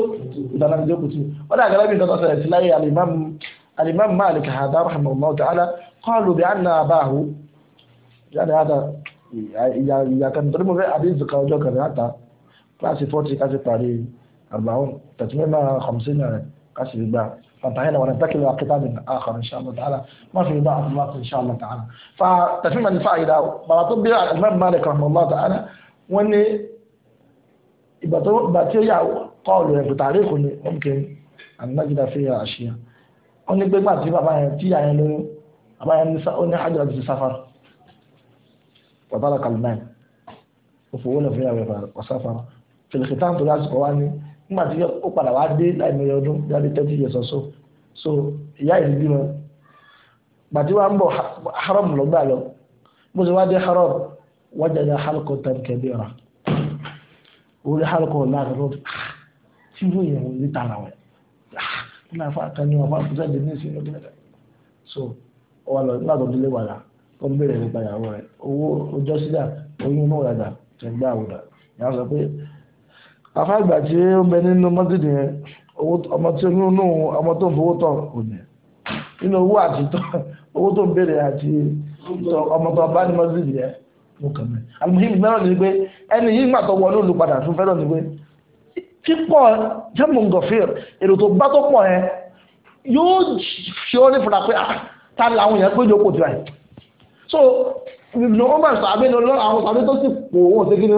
S1: ìdáná ti jókòó wọ́n dà gẹ́gẹ́ bí nǹkan tó ṣẹlẹ̀ sí láyé alimam malik hada rahimahullah ta'ala qalu bi anna abahu yàrá yàrá ìyá kan tó ní mo fẹ́ àdéhùn kan ọjọ́ kan láta kíláàsì fọ́tì káṣí parí àgbàwọn tẹ̀tùmẹ́ máa kọ̀mùsí náà káṣí gbà فانتهينا وننتقل الى كتاب اخر ان شاء الله تعالى fa في بعض الوقت ان شاء الله تعالى فتتميما الفائده مراتب الامام مالك رحمه ta'ala wọn ni ìgbà tó ìgbà tí ó yà kọ́ ọ̀lù rẹ̀ pẹ̀tàrí kò ní ọ̀nkẹ́ ànágídá fi hàn àṣeyà ó ní gbégbà tí bàbá yẹn tí ìyá yẹn lóyún bàbá yẹn ó ní àjọ àti sáfàrà wàtàlà kàlùmáì ó fowó lọ fún ìyàwó so ìyá yìí bímọ gbàtí wàá ń bọ̀ haram lọ́gbà lọ bó ṣe wá dé haram wájà ní halkó kẹbíra orí alcohol láàrin lọ́dún ah, tí irú èèyàn wọn níta làwọn ẹ̀ ní ah, àfa kan ní ọba àbújá dé ní ìsinmi ọdún mẹ́ta so ọwọ́ lọ nígbà tó délé wàdà tó ń bèrè nípa ìyàwó rẹ̀ owó ọjọ́ sídà oyún náà yàdà tẹ̀gbẹ́ àwòdà ìyá sọ pé afa àgbà tí ó ń bẹ nínú mọ́tìdì yẹn ọmọ tí oyún inú ọmọ tó ń fowó tọ̀ kò ní nínú owó àti owó tó ń bèrè àti ọmọ tó bá ní mọ́tìdì yẹn mo kàn mẹ́ àlùmọ́hìn mẹ́rọ̀ ni pé ẹni yìí gbà tó wọlé olùpadà tún fẹ́ràn nígbẹ́ pípọ̀ jẹ́mùn gọ̀fíìr èrò tó bá tó pọ̀ yẹn yóò ṣe ó ní fúnra pé ah, ta làwọn èèyàn péjọ kò tiwa yìí so ìbùnú ọmọ ìsàbí ọlọ́run àwọn ìsàbí tó sì pò wọ́n ṣe kí ni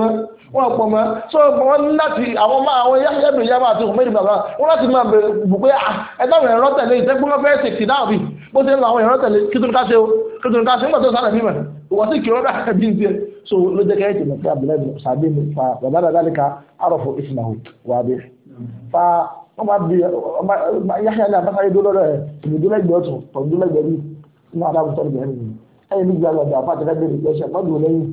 S1: wọ́n pọ̀ mọ́ so wọ́n láti àwọn ọmọ àwọn yẹ́bìrì yẹ́bà àti òmìnir wọ́n láti máa bèrè bù pé ah, ẹ̀dá òmìnir rọ́tẹ̀lé ìtẹ́gbọ́n fẹ́ẹ́ ṣèkì náà bíi bó ṣe ń lọ àwọn ìran tẹ̀lé kí tó ní ká ṣe o kí tó ní ká ṣe wọ́n sì bí n tiẹ̀ so ló jẹ́ kẹ́yìn tèmi pé fa bàbá dàda lè ka àròfò ìsìnàwó wà fa wọ́n bá bi yáhíà ní abáfáyé dúró lọ́dọ̀ ẹ̀ èmi dúró ẹgbẹ́ ọ̀tún tọ̀dún dúró ẹgbẹ́ bí inú adáàbò tọ́lù bẹ̀rẹ̀ mi ẹ̀yìn nígbà lọ́dọ̀ àfa àti ẹgbẹ́ ìgbẹ́ ṣẹ̀ mọ́dún lẹ́yìn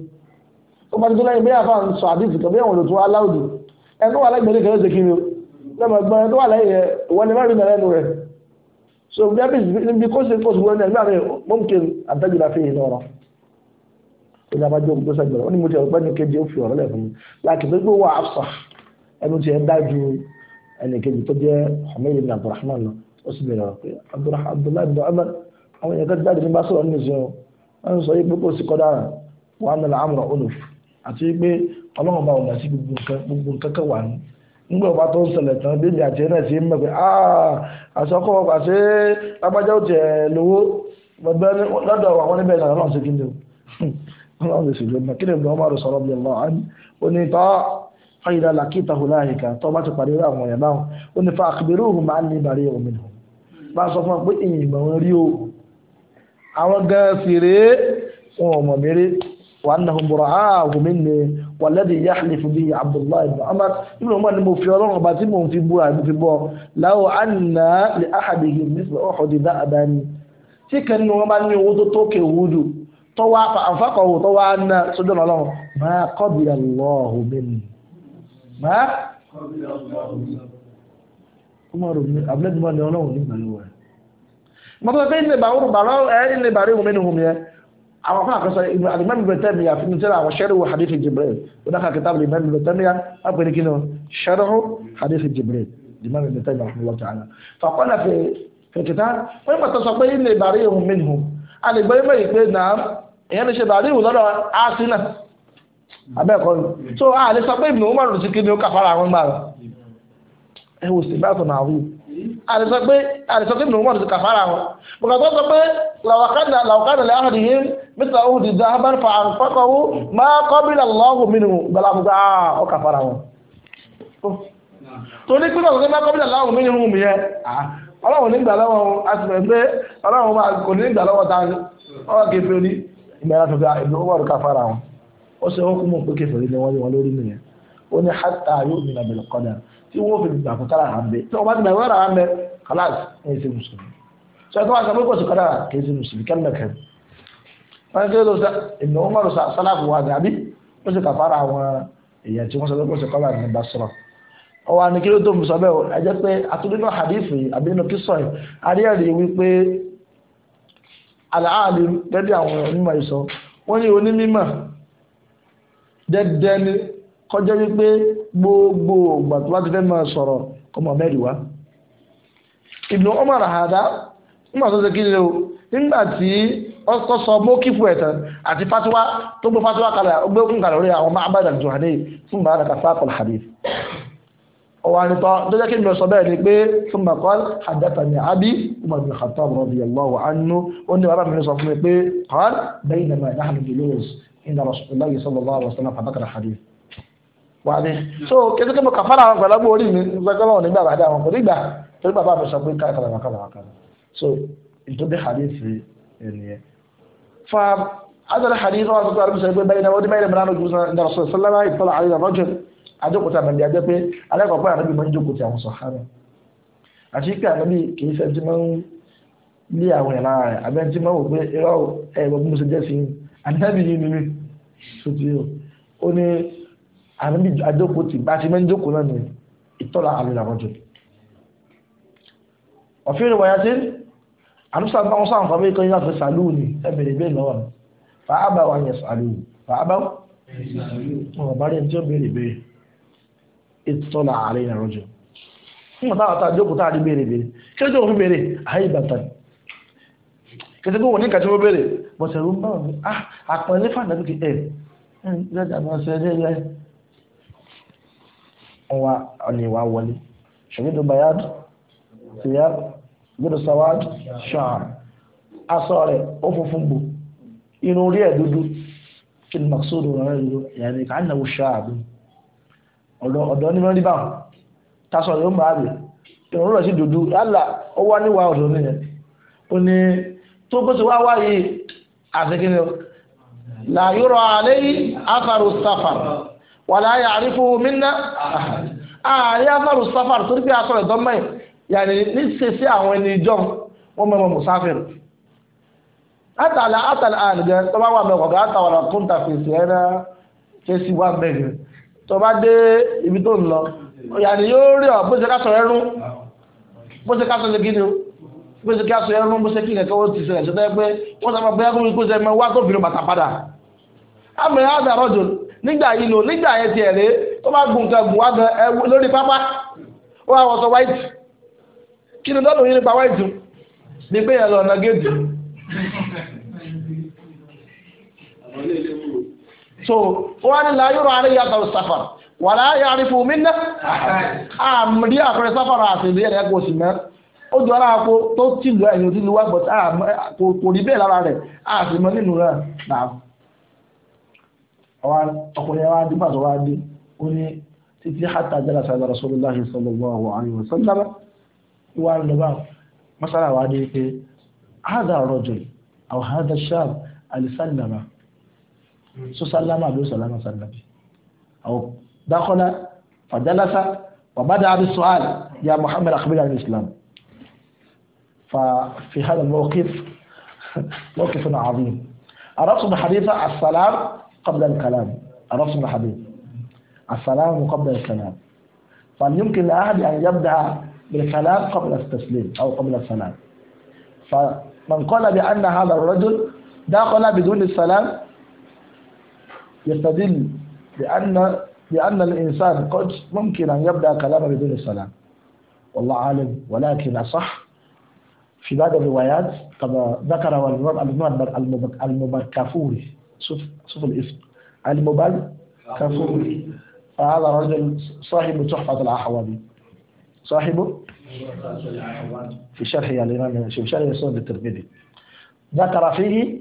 S1: ó bá dúró lẹ́yìn bí àfa ń sọ àdìsí kan bí àwọn olùtú aláwùdù ẹnu ni lọ́mọ ẹgbẹ́ ẹnu wà lẹ́yìn ni mẹ́rin mẹ́rin so bí kò sí kò sí wọ́n ní ẹgbẹ́ rẹ̀ mọ́mùkín àtẹ́jùlá fi yìí lọ́rọ̀ ó ní abájọ́ òkú tó sẹ́gbẹ̀rẹ̀ ó ní mo ti ọ̀pẹ́ ní kejì ó fi ọ̀rọ̀ lẹ̀ fún mi láti pé pé wà á sọ ẹnu ti ẹ̀ dá ju ẹnì kejì tó jẹ́ Humayr ibn Abdurrahman lọ ó sì bẹ̀rẹ̀ pé Abdullahi ibn Umar àwọn èèyàn kẹ́tì jáde ní bá sọ̀rọ̀ nínú ìṣẹ́ wọn nígbà ọba tó ń ṣẹlẹ̀ tán bíbí àti ẹ̀rẹ́ sí mọ̀ pé ah, àṣọkọ́ ọkọ̀ àṣẹ lágbájá òtì ẹ̀ lówó lọ́dọ̀ àwọn níbẹ̀ náà lọ́nà sí kí ni o lọ́nà sí ṣùgbọ́n mọ̀ kí ni ìgbọ́n márùn sọ̀rọ̀ bí ọlọ́ ó ní tọ́ ayíra làkìtà hù láàyíká tó bá ti parí àwọn ẹ̀yà báwọn ó ní fa àkìbẹ̀rẹ̀ òhun máa ń ní ìbàrí òmìn hù bá sọ وأنهم برعاه مني والذي يحلف به عبد الله بن عمر ابن عمر ni mo fi ọlọ́run ọba tí mo fi búra mo fi bọ́ láwọ àná lè áhàdìhì nípa ọ̀họ̀dì dáadáa ni tí kẹ́ni ni wọ́n bá ní owó tó tó kè wúdù tó wá àǹfààkọ̀ wò tó wá ná sójú ọ̀nà ọlọ́run máa kọ́bi àlọ́ọ̀hún mi ni. máa kọ́bi àlọ́ọ̀hún mi ni. ọmọ rẹ mi àbúlé ni wọn ní ọlọ́run nígbà ló wà. mo tọ́ pé ilé ìbàwọ̀ bàrọ̀ ẹ̀ ilé ìbàrọ̀ ìhùn mi ni hùn mi yẹn àwọn afọ àkọsọ alimam ibn tamiya fún tíra àwọn sharhu hadith jibril wọn náà kàkítà alimam ibn tamiya wọn pè ní kí ni sharhu hadith jibril alimam ibn tamiya rahimahullah ta'ala faqala fi fi kitab wọn gbàtọ sọ pé ilé bari'un minhum alìgbọ́ yìí mẹ́yìn pé nà èèyàn lè ṣe bari'un lọ́dọ̀ asina abẹ́ẹ̀kọ́ ni so àlè sọ pé ibn umar ti kí ni ó kàfàrà àwọn gbà rẹ̀ ẹ wò àdìsọ pé àdìsọ pé nùmọ̀ ti wọn bùkà tó sọ pé làwàkàdà làwàkàdà mítà ó di dáhàbàrì fa àǹfàkọ̀wó máa kọ́ bí làlọ́hùn mi nù gbàlàmùgbà ó kàfàrà wọn. torí pé lọ́sọ̀tẹ́ máa kọ́ bí làlọ́hùn mi nù mí yẹ ah, ọlọ́run ní gbà lọ́wọ́ a sì mọ̀ pé ọlọ́run máa kò ní gbà lọ́wọ́ tani ọ̀rọ̀ kẹfẹ́ ní ìgbàlá tó ah, bá ìlú ọmọdé kàfàrà wọn ó sì ó kú tí wọ́n fi gbà fún kádàrà ń bẹ tí wọ́n bá ti gbà fún kádàrà ń bẹ kálás ẹ̀ ṣe mùsùlùmí sọ ẹ̀ tó wá sọ pé kò sí kádàrà kì í ṣe mùsùlùmí kẹ́mi náà kẹ́mi. wọ́n ké ló ìnà Umar sálàfù wa dàbí ó sì kàfàrà àwọn èèyàn tí wọ́n sọ pé kò sí kádàrà ní Basra. ọwọ́ àni kí ló tó ń sọ bẹ́ẹ̀ ẹ jẹ́ pé àtúndínú hadithi àbí nínú kíso ẹ̀ adéyàrí wípé aláàlú gẹ́gẹ́ àwọn onímọ̀ kọjá wípé gbogbo ògbà tó bá ti fẹ́ máa sọ̀rọ̀ ọmọ mẹ́rin wá. Ibn Umar àhàdá nígbà tó ṣe kí ni o nígbà tí ọkọ sọ mọ́kífù ẹ̀tàn àti fatiwa tó gbé fatiwa kalẹ̀ ó gbé kúnkàlẹ̀ orí àwọn abáyọ̀dà jùhánì fún bàrà kàfà kọlù hadith. ọwọ́ àrùntọ́ tó jẹ́ kí n lọ sọ bẹ́ẹ̀ ni pé fún bàkọ́l àdàtà ní àbí Umar bin Khattab radiyallahu anhu ó ní bàbá mi sọ fún mi pé kọ́l bẹ́ẹ̀ ni mà náà lè lóòs ìnà Rasulullahi sallallahu alaihi wasallam fàbákàrà hadith wà ní. so kété kí mo kà fara àwọn àgbàlagbà orí mi gbẹgbẹ́rún òní gbà bàdá àwọn kò ní torí bàbá mi sọ pé ká kàlà kàlà kàlà so ìtòbí hadithi ènìyàn. fa adala hadithi wọn sọ pé arúgbó sọ pé báyìí náà wọ́n dé báyìí náà mìíràn ojú náà sọ sọlá ìtọ́lá àríyá rọ́jò àjókòtà àmàlẹ́ àjẹ́ pé alẹ́kọ̀ọ́ pé àmàlẹ́ mọ́ jókòtà àwọn sọ̀hánà àti pé àmàlẹ́ kì í fẹ́ tí máa ń lé àwọn ìlà rẹ̀ abẹ́ tí máa wò pé irọ́ ẹ̀rọ bí mo ṣe jẹ́ sí i ànábì ó ní àbí àjókòó tì bá ti mẹ́ ń jókòó náà ni ìtọ́lá àlùlàmọ́jọ. ọ̀fin rẹ̀ wáyà sí àdúsà bá wọn sáwọn fàmí kan yín láti sàlù ni ẹ bèrè bẹ́ẹ̀ lọ́wọ́ mi fà á bá wa yẹn sàlù fà á bá wọn ò bá rí ẹni tí ó bèrè bẹ́ẹ̀ ìtọ́lá àlùlàmọ́jọ. nígbà táwọn tá a jókòó tá a rí bèrè bèrè kí ló dé òfin bèrè àyè ìbàtà wa ọ̀lẹ̀ wa wọlé ṣòwédò bayad tìyà gbẹdọ sawad ṣáàrù aṣọ rẹ̀ funfun bò inú orí ẹ̀ dúdú maksudu rẹ̀ yìí yàrá kà á nàwó ṣáàbù ọ̀dọ́ ọ̀dọ́ ní mẹ́rin bá wọn tasọ̀ rẹ̀ ó máa rè ìrùn rẹ̀ sí dúdú yálà ó wá níwàá ọ̀dọ́ nìyẹn ó ní tó bó ti wá wáyé àti kí ni la yóò rọ àlẹ́ yìí wàlá ya'rifuhu minna ààrẹ afárò sáfàrò torí pé asọ̀rọ̀ ẹ̀dọ́ mẹ́rin yàrá ní sèse àwọn ẹni ìjọ wọn mọ̀ mùsáfìr àtàlà àtàlà àdìgẹ tó bá wà mẹ́kọ̀ọ́ gàtà wàlá kúntà fèsì ẹ̀rá fèsì wà mẹ́rin tó bá dé ibi tó ń lọ yàrá yóò rí ọ bó ṣe ká sọ ẹrú bó ṣe ká sọ ẹgí ni bó ṣe ká sọ ẹrú bó ṣe kí nǹkan ó ti ṣẹlẹ̀ ṣe pé wọ́n sọ fún kó nígbà yìí nígbà yẹn ti ẹ̀rẹ́ tó bá gùn kan gùn wá gan ẹ lórí pápá ó wá wọ̀sọ̀ wáìtì kí ni lọ́dún yìí nípa wáìtì ni pé yẹn lọ ọ̀nà géètì. so ó wá ní láyé rọ àríyá tó sáfà wà láyé àrífò mí ná àmì àkọrẹ sáfà rà àti ìdíyẹ kò sì mẹ ó jọ ara kó tó tìlú ẹ̀yìn òtí wá gbọ́dọ̀ kò rí bẹ́ẹ̀ lára rẹ̀ àti nínú rẹ̀ náà. ọkùnrin wa dé pàtó wa dé ó ní títí hàtà jẹ́la sàlẹ̀ rasulillah sallallahu alayhi wa sallam ìwà rẹ̀ bá masala wa dé pé hadha rajul aw hadha shab alisallama so sallama àbí sallama sallabi aw dakhala fajalasa وبدأ بالسؤال يا محمد أخبرني عن الإسلام ففي هذا الموقف موقف عظيم الرقم حديث السلام قبل الكلام الرسم الحديث السلام قبل الكلام فهل يمكن لأحد أن يبدأ بالكلام قبل التسليم أو قبل السلام فمن قال بأن هذا الرجل دخل بدون السلام يستدل بأن بأن الإنسان قد ممكن أن يبدأ كلامه بدون السلام والله عالم ولكن أصح في بعض الروايات كما ذكر المبكفوري شوف شوف الاسم الموبايل كفوري فهذا رجل صاحب تحفة الأحوالي صاحب في شرح الإمام يعني، في شرح سنة الترمذي ذكر فيه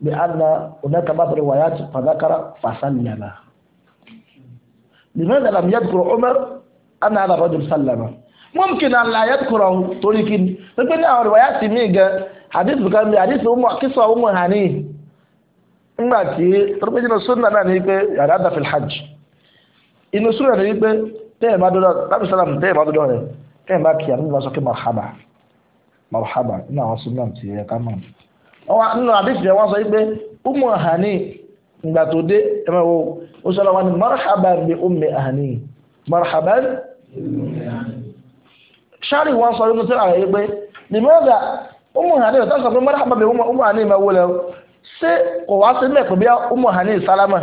S1: بأن هناك بعض الروايات فذكر فسلم لماذا لم يذكر عمر أن هذا الرجل سلم ممكن أن لا يذكره تولكن لكن الروايات ميجا حديث بكام حديث أم قصة أم هانيه ńgbà tí torí pé nínú sunna náà ní pé yàrá dàfẹ́ hajj inú sunna ní pé tẹ́ẹ̀ bá dọ́dọ̀ lábẹ́ sálàm tẹ́ẹ̀ bá dọ́dọ̀ rẹ̀ tẹ́ẹ̀ bá kí àmì ìbáṣọ pé marhaba marhaba nínú àwọn sunna ti ẹ̀ ká mọ̀ nínú àdéhùn yẹn wọ́n sọ pé umu ahani ìgbà tó dé ẹ̀mọ wo ó sọ lọ́wọ́ ni marhaban bi ummi ahani marhaban sáré wọn sọ nínú sẹ́ra rẹ̀ pé lèmọ́dà umu ahani ò tẹ́sán pé marhaban bi ummi ahani máa wọlé Se kò wá sí ilé ìpínlẹ̀ umu hani salama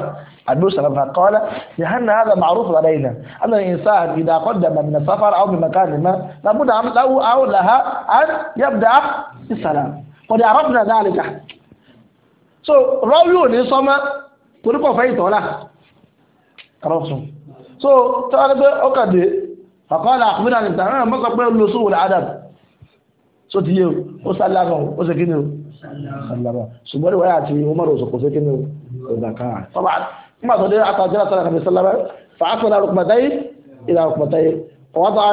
S1: àdúró sàlámà kọ́lá yahanna hada ma'ruf lada ina ana insa idha qaddama min safar aw min makan ma labuda lahu aw laha an yabda bisalam qad arabna dhalika so rawi ò ní sọmọ torí kò fẹ́ ìtọ́lá so tọ́wọ́n pé ó kàdé àkọọ́lá àkùnrin àti ìtàn náà mọ́kàn pé lóṣù so ti yé o ó sálá kan sallama ṣùgbọ́n ìwé àti umaru sọ kò sí kí ni ọ̀gá kan sọ́ba nígbà tó dé àtàjẹ́ àtàrà kàbí sallama fàákùn náà rukmatayi ìlà rukmatayi ọ̀wọ́ta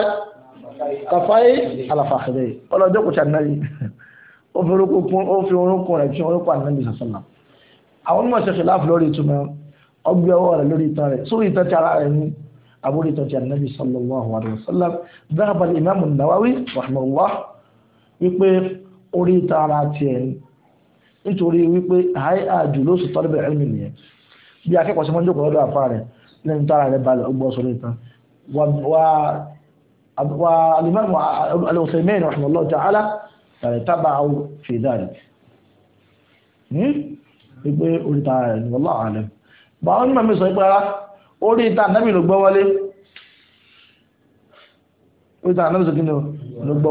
S1: kàfáyé àlàfàkìdẹ́ ọlọ́jọ́ kò sànnáyé ó fi orúnkún rẹ̀ tí orúnkún ànábì sàllam àwọn onímọ̀ ṣẹṣẹ láàfin lórí ìtumọ̀ ọgbẹ́ ọwọ́ rẹ̀ lórí ìtàn rẹ̀ sórí ìtàn ti ara rẹ̀ ni àbúrò ìtàn ti ànábì sallallahu alaihi wasallam dáhàbà imam an-Nawawi rahimahullah wípé orí tara tiẹ̀ ni nítorí wípé àì àjù ló sì tọ́lẹ̀ bẹ̀rẹ̀ mi nìyẹn bí akẹ́kọ̀ọ́ sí mọ́jọ́ pọ̀lọ́dọ̀ àfa rẹ̀ lẹ́nu tara rẹ̀ balẹ̀ ọgbọ́n sọ̀rọ̀ ìtàn wa alimami al-Uthaymin rahimahullah ta'ala tàbí tábà àwọn fèdárì hmm? wípé orí tara rẹ̀ ni wallahu alam bá wọn nígbà mi sọ rárá orí ìta ànábì ló gbọ́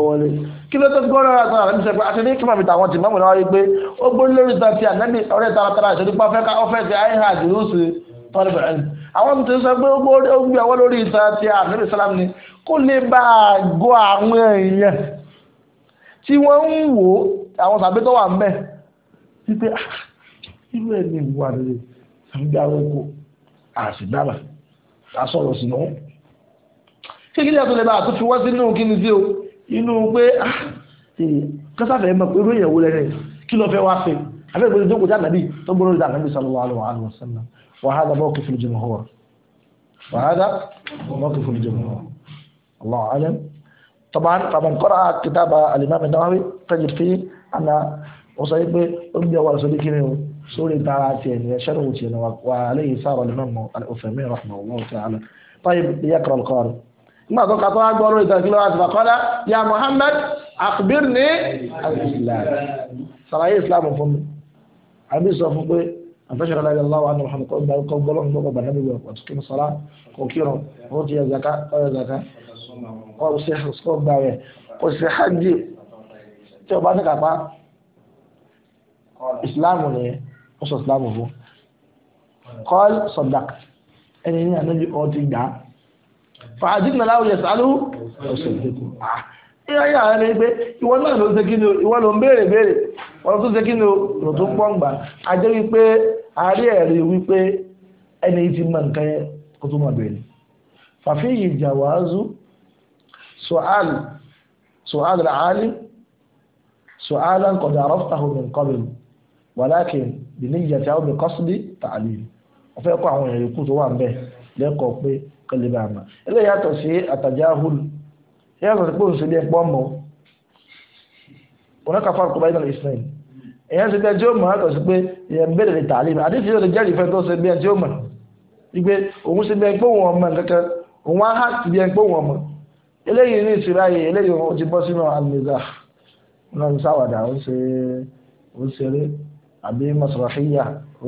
S1: wọlé kí ló tó ti gbọ́dọ̀ àtàrà àlẹ́ ìṣẹ́ pé àti ní kí màmí tàwọn ti mọ́mù náà wáyé pé ó gbó lórí ìtàn ti ànẹ́bí ọ̀rẹ́ tara tara ìṣẹ́jú pa fẹ́ ká ọ́fẹ́ ti àìhà àti rúùsù tọ́lẹ̀ bẹ̀rẹ̀ ni. àwọn tó sọ pé ó gbé ọwọ́ lórí ìtàn ti ànẹ́bí sálám ni kó lè bá a gọ àwọn èèyàn tí wọ́n ń wò àwọn sàbí tó wà ń bẹ̀ wípé ah, irú ẹ̀ ní ìwà rẹ̀ sàbí àwọn èkó àṣìdáàbà àṣọ̀rọ̀ sínú. kí kí ni bá àtúnfi wọ́n sínú kí ni sí o inú pé ah, kọ́sàfẹ́ mọ̀ pé irú èèyàn wo lẹ́rẹ̀ kí ló fẹ́ wá sí abẹ́ ìgbésẹ̀ tó kò sí ànábì tó gbọ́dọ̀ sí ànábì sallallahu alaihi wa sallam wa hadha mawqif al-jumhur wa hadha mawqif al-jumhur Allahu a'lam طبعا طبعا قرأ كتاب الإمام النووي سوري تعالى شرعتين وعليه صار الإمام الأثيمين رحمه الله تعالى طيب يقرأ القارئ nígbà tó ka tó wá gbọ́ lórí ìtàn kí ló wá ti fà kọ́lá ya Muhammad akhbirni al-Islam sàlàyé islam fún mi àbí sọ fún pé àfẹ́sọ̀rọ̀ láyé aláwọ̀ àti Muhammad kọ́ gbọ́ kọ́ gbọ́lọ́ nígbà bàdá mi wọ̀ ọ̀tún kí n sọ́lá kò kírun kò tiẹ̀ zaka kò yẹ zaka kò sí kò gbà yẹ kò sí hajj tí o bá ní kápá islam nìyẹn ó sọ islam fún kọ́l sọ̀dàk ẹni ní ànájú ọ̀ ti gbà á fàájìkì náà láwùjẹ sálú ìyá ah, yà rẹ pé ìwọ náà ló ń ṣe kí ni o ìwọ ló ń béèrè béèrè wọn tó ṣe kí ni o lò tó pọ̀ ń gbà á jẹ́ wípé àárí ẹ̀rí wípé ẹni tí mọ nǹkan yẹn kó tó mọ̀ béèrè fàfihì jàwáàzú sọ́àl sọ́àl àálí سؤال قد عرفته من قبل ولكن بنية أو بقصد تعليم وفيقع يكون هو به lẹ́kọ̀ọ́ pé kọ́lé bá a mọ̀ eléyìí yàtọ̀ sí àtàjà hul yàtọ̀ sí pé òṣèlú ẹ̀pọ̀ mọ̀ wọn kà fáwọn kọ́bá ìdánilẹ̀ islam èyàn ti bẹ́ẹ̀ tí ó mọ̀ yàtọ̀ sí pé èyàn bèrè lè tààlé mi àdéhùn yóò lè jẹ́rìí fẹ́ tó ṣe bí ẹni tí ó mọ̀ wípé òun ṣe bí ẹni pé òun kankan òun á hà sí bí ẹni pé òun eléyìí ní ìsirá yìí eléyìí ó ti bọ́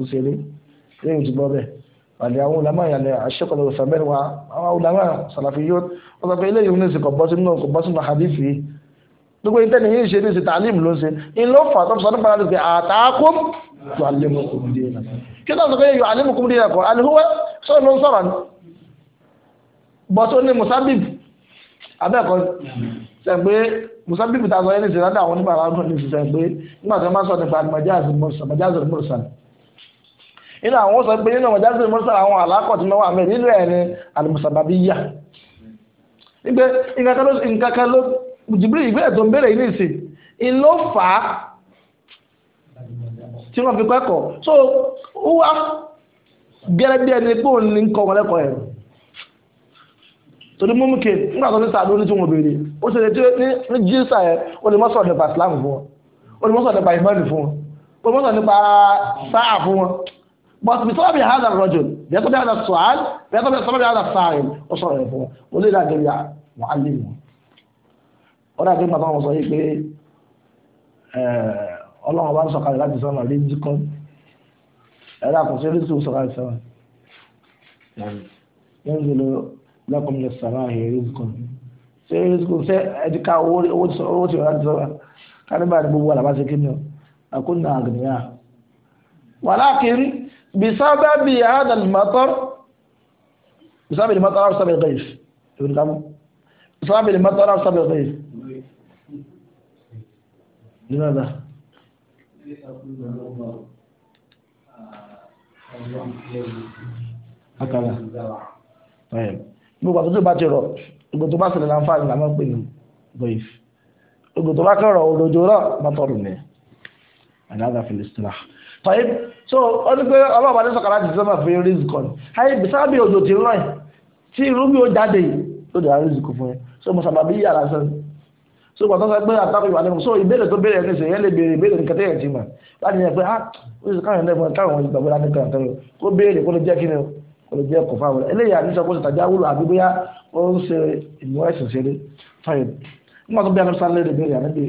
S1: sínú àlẹ́ àwọn ulama àlẹ́ àṣekọ̀lẹ̀ òsàmẹ́rì wa àwọn ulama salafiyun wọ́n sọ pé eléyìí ní ìsìn kò bọ́ sínú kò bọ́ sínú hadith yìí gbogbo yìí tẹ́lẹ̀ yìí ṣe ní ìsìn tàlímù ló ń ṣe ìlú fà tó sọ nípa àdìsí àtàkùn yóò alimu kùmùdí yìí kí ló ń sọ pé yóò alimu kùmùdí yìí kọ alihuwa sọ̀rọ̀ ló ń sọ̀rọ̀ ni bọ́sọ̀ ní musabib abẹ́ẹ̀kọ́ sẹ́gbé musabib ta sọ ní ìsìn láti àwọn oníbàárà ọdún ní ìsìn sẹ́gbé nígbà tí wọ́n inú àwọn sọ pé nínú ọ̀dá sílẹ̀ mọ́sálà àwọn àlákọ̀ tí wọ́n wà mẹ́rin nínú ẹ̀ ni àlùmọ̀sàbàbíyà nígbẹ́ nǹkan kan ló jìbìrì ìgbé ẹ̀tọ́ ń bẹ̀rẹ̀ yìí nìsín in ló fà á tí wọ́n fi kẹ́kọ̀ọ́ so ó wá gẹ́rẹ́ bí ẹni pé òun ní kọ́ wọn lẹ́kọ̀ọ́ ẹ̀rọ torí múmùkè nígbà tó ní sàdó ní tí wọn béèrè ó ṣe lè tí ní jísà ẹ ó lè mọ́sọ̀ nípa Islam fún wọn ó lè mọ́sọ̀ nípa ìmọ̀lì fún wọn ó lè mọ́sọ̀ nípa sáà fún wọn but بسبب هذا الرجل بياخد هذا السؤال بياخد بسبب هذا السائل وصل يفوق وليه لا جميع معلمه ولا جميع طبعا صحيح ايه ọlọ́run bá ń sọ̀kalẹ̀ láti sọ́nà lé jíkọ́n ẹ̀rọ àkọsí orí sùn sọ̀kalẹ̀ sọ́nà yẹn ń lò lọ́kùnrin lè sọ̀rọ̀ àyè rízikọ́n ṣé rízikọ́n ṣé ẹ̀díkà owó ti sọ̀rọ̀ láti sọ̀rọ̀ káníbà ní gbogbo àlàbáṣe kí ni ọkùnrin àgbìyàn wàlákìrì بسبب هذا المطر بسبب المطر أو بسبب الغيث بسبب المطر أو بسبب الغيث لماذا؟
S2: هكذا
S1: طيب gbogbo àtúntò bá ti rọ gbogbo tó bá ṣẹlẹ̀ láǹfààní là máa ń pè ní gbòyìf gbogbo tó bá kẹrọ òdòdó rọ bá ní àdáàdà filistina tọ́yì so ó ní pé ọlọ́ọ̀bá ní sọ̀kàlá ti sọ́mà fún rízì kan ayé bisábì òjò ti rán ẹ̀ tí irúgbìn ó jáde ló dé àrízì kò fún ẹ so mo sábà bí yàrá sọ so gbọ́dọ̀ sọ pé àtàkùn ìwà lẹ́mu so ìbéèrè tó béèrè ẹni sèyẹ́ lè béèrè ìbéèrè nìkan tẹ́yẹ̀ ti mà láti yẹn pé ah ó sì káwọn ẹlẹ́fọn káwọn wọn gbàgbé láti kàn kàn kó béèrè kó lè jẹ́ kíni kó lè jẹ́ kó fáwọn eléyà ní sọ pé ó sì tàjà wúlò àbí bóyá ó ń ṣe ìmúra ìṣẹ̀ṣẹ̀rẹ̀ fáyọ̀ nígbà tó bí anamisa lẹ́rìí bẹ́ẹ̀ yà níbi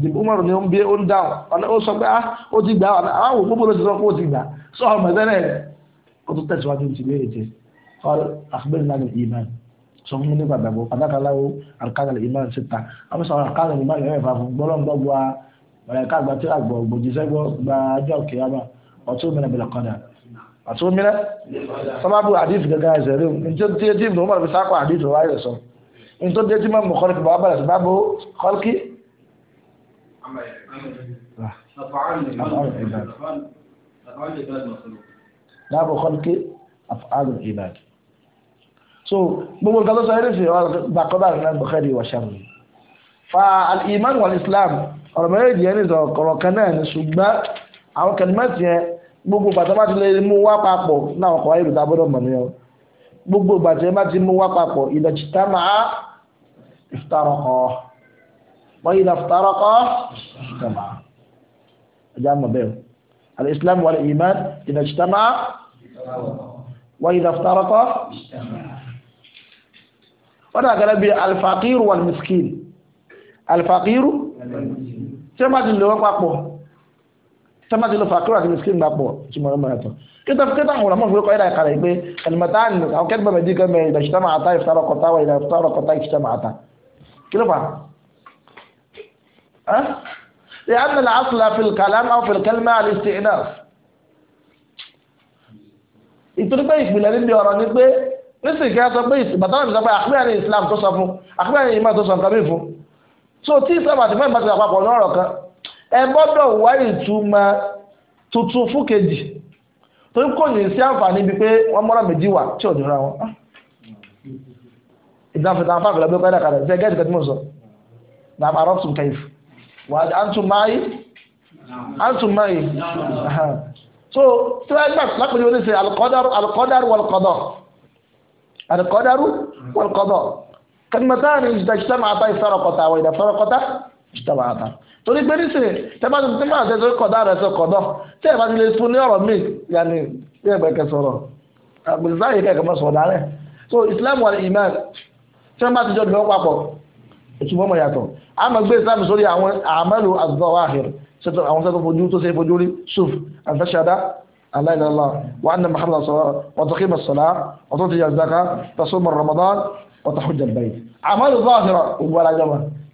S1: jìbù umaru ni ó ń bí ó ń dáhùn ọ̀nà ó sọ pé ah ó ti gbà ọ̀nà àwọn òkú bó ló ti sọ pé ó ti gbà sọ ọmọ ẹ̀sẹ̀ rẹ̀ ó tún tẹ̀síwájú ti bẹ́ẹ̀ jẹ fọlọ́ àfẹ́bẹ́rẹ́ náà ní iman sọ fún mi nípa gbàgbọ́ adákaláwo arkana iman síta àwọn sọ arkana iman lẹ́yìn ìfà fún gbọ́dọ̀ gbọ́gbọ́ ẹ̀ka gba tí a gbọ́ gbòjìṣẹ́ gbọ́ gba ajọ́ kìyàmá ọ̀tún mìíràn bẹ̀rẹ̀ kọ́dà ọ̀tún mìíràn sábàbù àdìsí gẹ́gẹ́ ẹ̀sẹ̀ rẹ̀ ní tí nítorí dé tí mọ́ mọ́ kọ́lùkì bàbá bàrẹ̀ ṣùgbọ́n bó kọ́lùkì. dáàbò kọ́lùkì àfààlù ìbàdí. so gbogbo nǹkan tó sọ eré sí bàkọ́dà rẹ̀ náà bọ̀kẹ́rì wà ṣàmì. fa al-iman wal islam ọ̀rọ̀ mẹ́rin yẹn ní ìsọ̀rọ̀ kan náà ní ṣùgbọ́n àwọn kẹ̀lẹ́mẹ́tì yẹn gbogbo pàtàkì lè mú wá papọ̀ náà ọkọ̀ ayélujára gbọ́dọ̀ mọ̀ níyàwó gbogbo ìgbà tí ẹ bá ti mú wá papọ̀ ìdọ̀títà máa ìfitarakọ̀ wọ́n yìí ìfitarakọ̀ ìfitarakọ̀ ẹja mọ̀ bẹ́ẹ̀ o al-islam wal-iman ìdọ̀títà máa wọ́n yìí ìfitarakọ̀ wọ́n dà gẹ́gẹ́ bí al-faqiru wal-miskin al-faqiru tí ẹ bá ti lè wọ́n papọ̀ tọ́mọ́ ti lo fàkúrò àti miskin gbà pọ̀ ìtumọ̀ ọmọ ẹ̀tọ́ kíta kíta àwọn ọmọ ìfowópamọ́ ẹ̀dá ìkàlẹ̀ pé ẹnìmọ̀tá àwọn kẹ́tùbọ̀ mẹ́jì gẹ́mẹ́ ìdá ìṣítà máa ta ìfitá ọkọ̀tá wà ìdá ìfitá ọkọ̀tá ìṣítà máa ta kí ló fà á. ẹ ẹ́ nílẹ̀ asùlà fìl kàlám àwọn fìl kẹ́lí máa lè ṣe iná. ìtorí pé ìpìlẹ̀ níbi ọ̀rọ̀ ni pé nísìnyí kẹ́ sọ pé bàtà wọn sọ pé àkúrẹ́ ẹ gbọ́dọ̀ wá ìtumọ̀ tuntun fún kejì tó ń kò ní sí àǹfààní bíi pé wọ́n mọ́ra méjì wà tí ò ní ra wọn. ìdáfẹ́ tàn fáfẹ́ lọ́gbẹ́ pẹ́ẹ́dà kalẹ̀ ṣe gẹ́gẹ́ tí mo sọ na àrọ́ tún kẹ́yìf wà á tún máyì á tún máyì. so tí wọ́n gbà lápẹ̀lú oníṣẹ́ alukọ́dárù alukọ́dárù wọlkọ́dọ̀ alukọ́dárù wọlkọ́dọ̀ kẹ́lẹ́mẹ́tàn ìjìdá ìjìdá máa ta ìfarọ̀kọ̀tà àwọn ìdàfarọ̀kọ̀tà ìjọba àtà torí pé nísìnyí tẹ́bá ti tẹ́bá ti tẹ́tọ́ kọ̀dá rẹ̀ sọ kọ̀dọ̀ tí ẹ̀ bá ti lè fún ní ọ̀rọ̀ míì yanni bí ẹ̀ gbẹ̀kẹ̀ sọ̀rọ̀ àgbèsá yìí kẹ̀kẹ́ mọ̀ sọ̀dá rẹ̀ so Islam wal iman tí wọ́n bá ti jọ dùn ọ́ papọ̀ ìtumọ̀ mọ̀ yàtọ̀ àmọ́ gbé Islam sórí àwọn àmàlù az-zawahir àwọn محمد صلاه وتقيم الصلاه وتؤتي تصوم رمضان وتحج البيت اعمال ظاهره ولا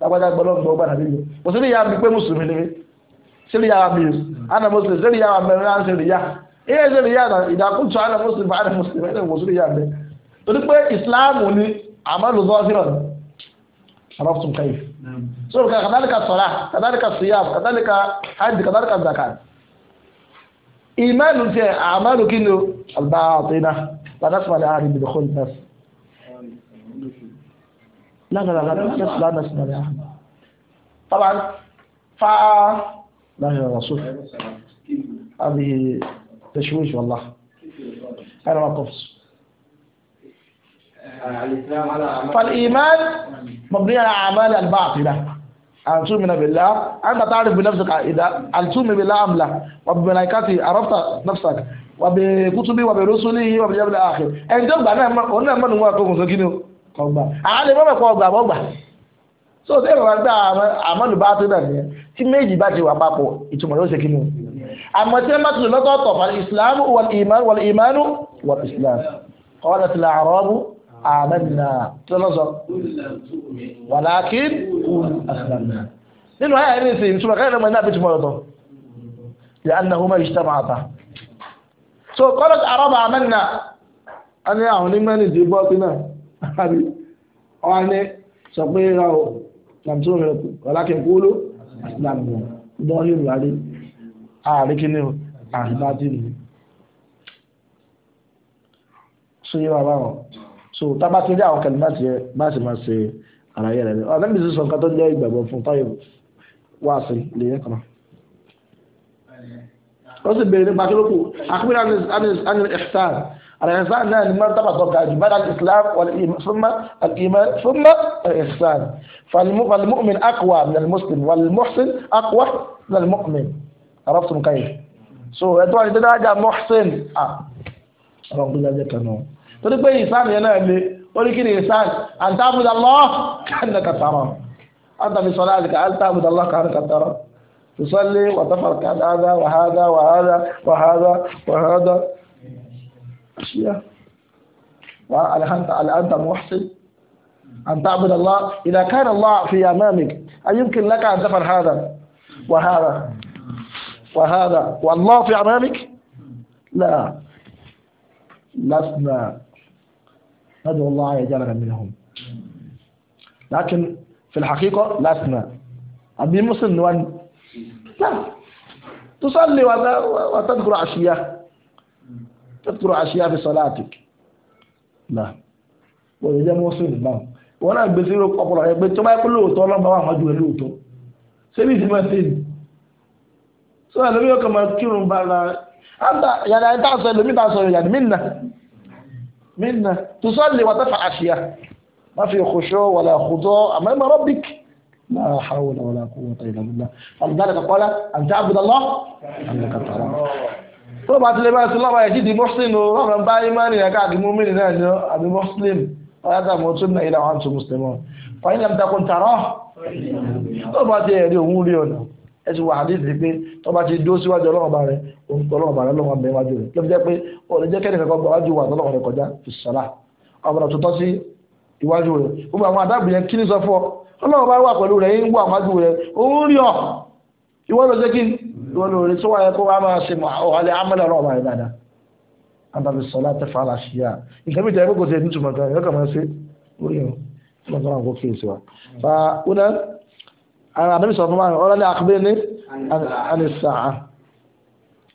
S1: lágbájá gbọ́lọ́gbọ́ gbàdá bí yìí kò sí ní ìyá mi pé mùsùlùmí ni mí sí ní ìyá mi àná mùsùlùmí sí ní ìyá mi àná sí ní ìyá ilé sí ní ìyá ìdàkútù àná mùsùlùmí àná mùsùlùmí àná mùsùlùmí ìyá mi torí pé ìsìláàmù ni àmàlù zọ́ọ́sìrọ̀ ni arọ́fùtùm kẹ́yì so kàdálíkà sọ̀rà kàdálíkà síyàm kàdálíkà hajj kàdálíkà zakat ìmánu tiẹ̀ àmàlù kí ni albatina lànà sọ̀rọ̀ àárín bìdìkọ́ nìkan لا لا لا لا لا نسمع لا طبعا ف لا يا رسول هذه تشويش والله أنا ما قفص فالإيمان مبني على أعمال الباطلة أن تؤمن بالله أنت تعرف بنفسك إذا أن تؤمن بالله أم لا وبملائكته عرفت نفسك وبكتبه وبرسله وبالجبل الآخر أن تبقى أنا kọgbà àwọn lè mọ̀mọ̀ kọ ọgbà mọ́gbà so ṣé ìrọ̀lá gbà àmọ́lù bá tó dàn yẹn tí méjì bá ti wà papọ̀ ìtumọ̀ ló ṣe kí ni àmọ́ tí wọ́n bá ti lò lọ́tọ̀ọ̀tọ̀ fà islam wal iman wal imanu wal islam qala til a'rabu amanna tí wọ́n sọ walakin nínú ayé ẹni sì ìtumọ̀ káyọ̀ lọ́mọ iná bí tumọ̀ lọ́tọ̀ yà á nàhùn máa ìṣítà máa ta so qala til a'rabu amanna a àwọn onímọ̀ ní ìdìbò ọ̀pẹ náà àbí ọ̀hán ní sọ pé ra o tàbí tó rẹ̀ ọ̀làkẹ́ kú ló ìsìlámù dán ní ìwárí ààrẹ kíní àìbájì so yẹ so tábà ti rí àwọn kẹlẹ́ láti yẹ bá sì máa ṣe àlàyé rẹ̀ ọ̀dọ́ mi sì sọ nǹkan tó jẹ́ ìgbàgbọ́ fún táyọ̀ wá sí lè yẹ kan ó sì béèrè nípa kí ló kù àkúrẹ́ àni ẹ̀ṣán الإحسان هنا المرتبة تركها بعد الإسلام ثم الإيمان ثم الإحسان فالمؤمن أقوى من المسلم والمحسن أقوى من المؤمن عرفتم كيف؟ so ẹ̀tọ́ àti dáadáa mohsin ah ọ̀rọ̀ ọ̀gbìn lẹ́jẹ̀ kan náà torí pé ìsàn yẹn náà le orí kí ni ìsàn àǹtàbùdà lọ́ kàánà kàtàrọ̀ àǹtàbí sọ̀rọ̀ àti àǹtàbùdà lọ́ kàánà kàtàrọ̀ تصلي وتفرق هذا وهذا وهذا وهذا وهذا أشياء وعلى أنت محسن أن تعبد الله إذا كان الله في أمامك هل يمكن لك أن تفعل هذا وهذا وهذا والله في أمامك لا لسنا ندعو الله جل يجعلنا منهم لكن في الحقيقة لسنا أبي مسلم لا تصلي وتذكر عشية تذكر اشياء في صلاتك لا نعم. وإذا موصل نعم. يعني ما وانا بيصير أقول لك بس ما يقول له طالع ما هو جوه له تو سمي سمي سيد سواء لم يكن مذكور بعد أنت يعني أنت أصلا لم تأصل يعني منا منا تصلي وتفعل أشياء ما في خشوع ولا خضوع أمام ربك لا حول ولا قوة إلا بالله فلذلك قال أن تعبد الله
S2: أنك تعبد الله
S1: tó bá tilẹ̀ bá ti lọ́wọ́ ẹ̀jí di muslim o wọ́n máa bá imáni yẹn káàdì múmìnì náà ni àbí muslim ọ̀yàtà mọ̀ tó náà ìdáwọ̀n tó muslim ọ̀ fàyín làm takùn tààrọ̀ tó bá ti ẹ̀rí òun rí ọ̀nà ẹ ti wà hadith pé tó bá ti dó síwájú ọlọ́run bá rẹ òun tó ọlọ́run bá rẹ lọ́wọ́ bẹ́ẹ̀ wájú rẹ ló fi jẹ́ pé òun jẹ́ kẹ́ni kankan wájú wà tọ́lọ́run rẹ kọjá fi sọ́lá ọmọdé tó tọ́ sí iwájú rẹ gbogbo àwọn adágún yẹn kí ni sọ fún ọ ọlọ́run bá wà pẹ̀lú rẹ yín wà wájú rẹ òun rí ọ ìwọ́n lọ jẹ́ kí ni قولوا لي سواء يقول أما سمع وعلي عمل رأى الله إذا أنت بالصلاة تفعل أشياء إن كم يتعبوا قد يدنوا ثم تعبوا كما يسير قولوا ثم تعبوا قد يدنوا سواء فأنا أنا أبني صلى الله عليه وسلم أولاني أخبرني عن الساعة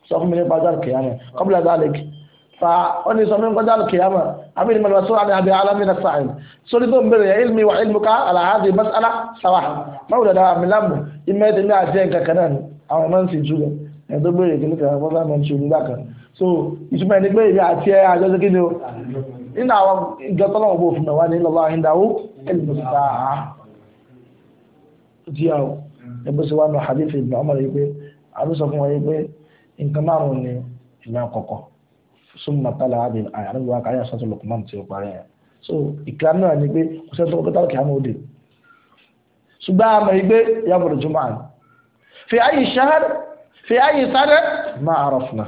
S1: سأخبرني بعد ذلك يعني قبل ذلك فأني سأخبرني بعد ذلك يا أمير من رسول عن أبي عالم من الصحيح سلط من علمي وعلمك على هذه المسألة سواء مولد من الأمر إما يدني أجينك كنانو àwọn ọmọ ń sì jùlọ ẹni tó gbére ìkíní kan wọ́n sábà ń ṣe onígbà kan so ìtumọ̀ ẹni pé èmi àti ẹ àjọṣe kí ni o nínú àwọn ìjọ tọ́lọ́wọ́ bó fún mi wá ní lọ́wọ́ àyíndàwó ẹni mo sì ta á tí a o ẹgbẹ́ sọ wá nù hadith ibn Umar yìí pé àbí sọ fún wọn yìí pé nǹkan márùn-ún ni ìgbà àkọ́kọ́ súnmọ́ tálà àbí àyànnú wa káyà sọ́tún Luqman tí parí ẹ̀ so ìkà náà ni pé kò sẹ́ni tó kọ́kọ́ tá ṣùgbọ́n àmọ́ ìgbé yàgòdò jùmọ̀ في أي شهر في أي سنة ما عرفنا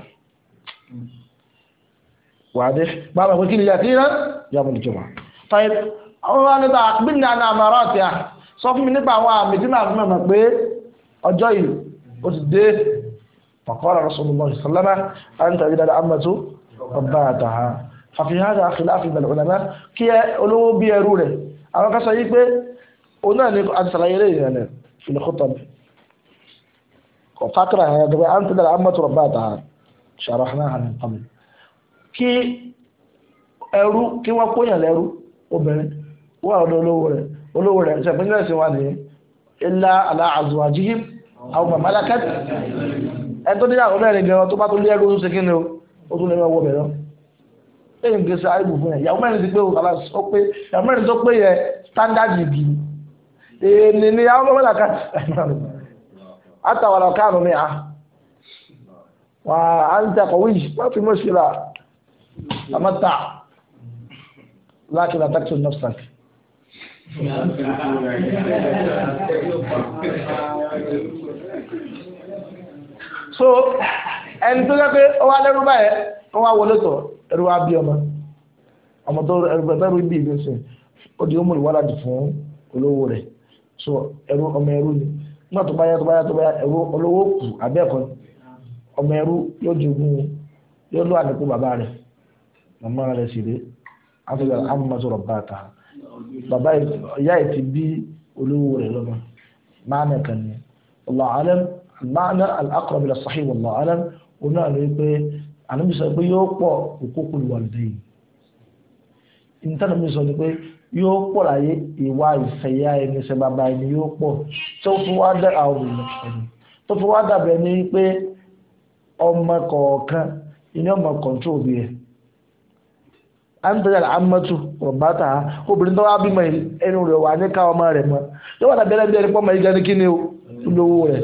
S1: واضح بابا وكيل يقينا يوم الجمعة طيب أولا نتا أقبلنا عن أماراتها sọ fún mi nípa àwọn àmì tí màá fún mọ̀ pé ọjọ́ yìí ó ti dé faqala rasulullah sallama an tàbí dáadáa amatu ọba àtàhà àfihàn khilaf bain ulama kí ẹ olówó bí ẹrú rẹ̀ àwọn kan sọ yìí pé òun náà ni àti sàlàyé lè yẹn rẹ̀ fil khutab فقرة هذا أنت العامة رباتها شرحناها من قبل kí ẹrú kí wọ́n kóyàn lẹ́rú obìnrin wà ọ̀dọ̀ olówó rẹ̀ olówó rẹ̀ ṣe ìpínlẹ̀ sí wa ní ilá aláàzùwájíhìm àwọn mọ̀mọ́lákẹ́t ẹ tó dídá àwọn mẹ́rin gan tó bá tó lé ẹrú ṣe kí ni o ó tún lè máa wọ bẹ̀rẹ̀ ẹ̀ ń gbèsè àìbù fún yẹn ìyàwó mẹ́rin ti pé òkàlà sọ pé ìyàwó mẹ́rin tó pé yẹn standard yìí bì ní ní ìyàwó mọ̀mọ́lákẹ́t حتى ولو كانوا 100 وأنت قوي ما في مشكلة تمتع لكن لا تقتل so ẹni tó jẹ́ pé ó wá lẹ́rú báyẹn ó wá wọlé tọ̀ ẹrú wá bí di so ni nígbà tó báyá tó báyá tó báyá ẹ̀rọ olówó kù abẹ́ẹ̀kọ́ ọmọ ẹrú yóò jogún yóò lọ àdínkù bàbá rẹ̀ màmá rẹ̀ sì rè áfíríkà amúmọ́sọ̀rọ̀ bá ta bàbá ìyá ẹ̀ ti bí olówó rẹ̀ lọ́mọ máàmì kan ni Allahu alam máàmì al-aqrab ila sahih wallahu òun náà lè pé àlùmísọ̀ pé yóò pọ̀ òkúkú lùwàlùdẹ́yìn ìtànàmísọ̀ yóò pọ̀ láyé ìwà ìfẹ̀yà ẹni ṣe bàbá ẹni yóò pọ̀ tó fi wá dàbẹ̀ ní pé ọmọ kọ̀ọ̀kan iná ọmọ kọ̀ǹtró bí ẹ̀ antajà amatu ọ̀bátà obìnrin tó wá bímọ ẹnu rẹ̀ wà ní ọmọ rẹ̀ mọ́ yóò wá dàbẹ̀ ẹni bí ẹni pọ́ ọmọ yìí gani kí ni lówó rẹ̀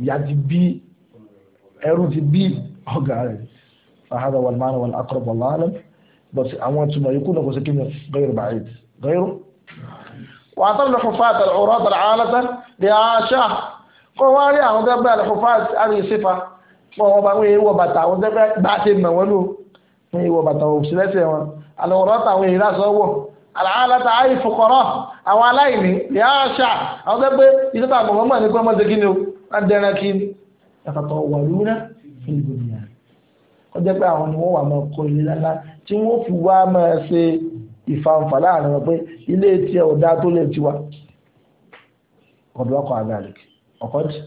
S1: ìyá ti bí ẹrú ti bí ọ̀gá rẹ̀ fàhádà wàlmánà bọ̀t àwọn ìtumọ̀ yìí kú náà kò sí kí ni gairu ba'id gairu. wà á tọ́lọ̀ hufat al-urad al-alata di aṣá kó wá rí àwọn gẹ́gbẹ́ al-hufat al-isifa kó wọ́n bá wọ́n yé wọ bàtà àwọn gẹ́gbẹ́ bá ti mọ̀ wọ́n lò wọ́n yé wọ bàtà òsì lẹ́sẹ̀ wọn al-urad àwọn èyí lásán wọ̀ al-alata ayé fukara àwọn aláìní di aṣá àwọn gẹ́gbẹ́ ìsọ́tà àgbọ̀n kọjá pé àwọn ni wọ́n wà máa kọ́ ilé lálá tí wọ́n fi wá máa ṣe ìfàǹfà láàrin wọn pé ilé tiẹ̀ ò dáa tó lè tiwa ọ̀dọ́ ọkọ̀ àgbàlẹ̀ ọ̀kọ́ jì.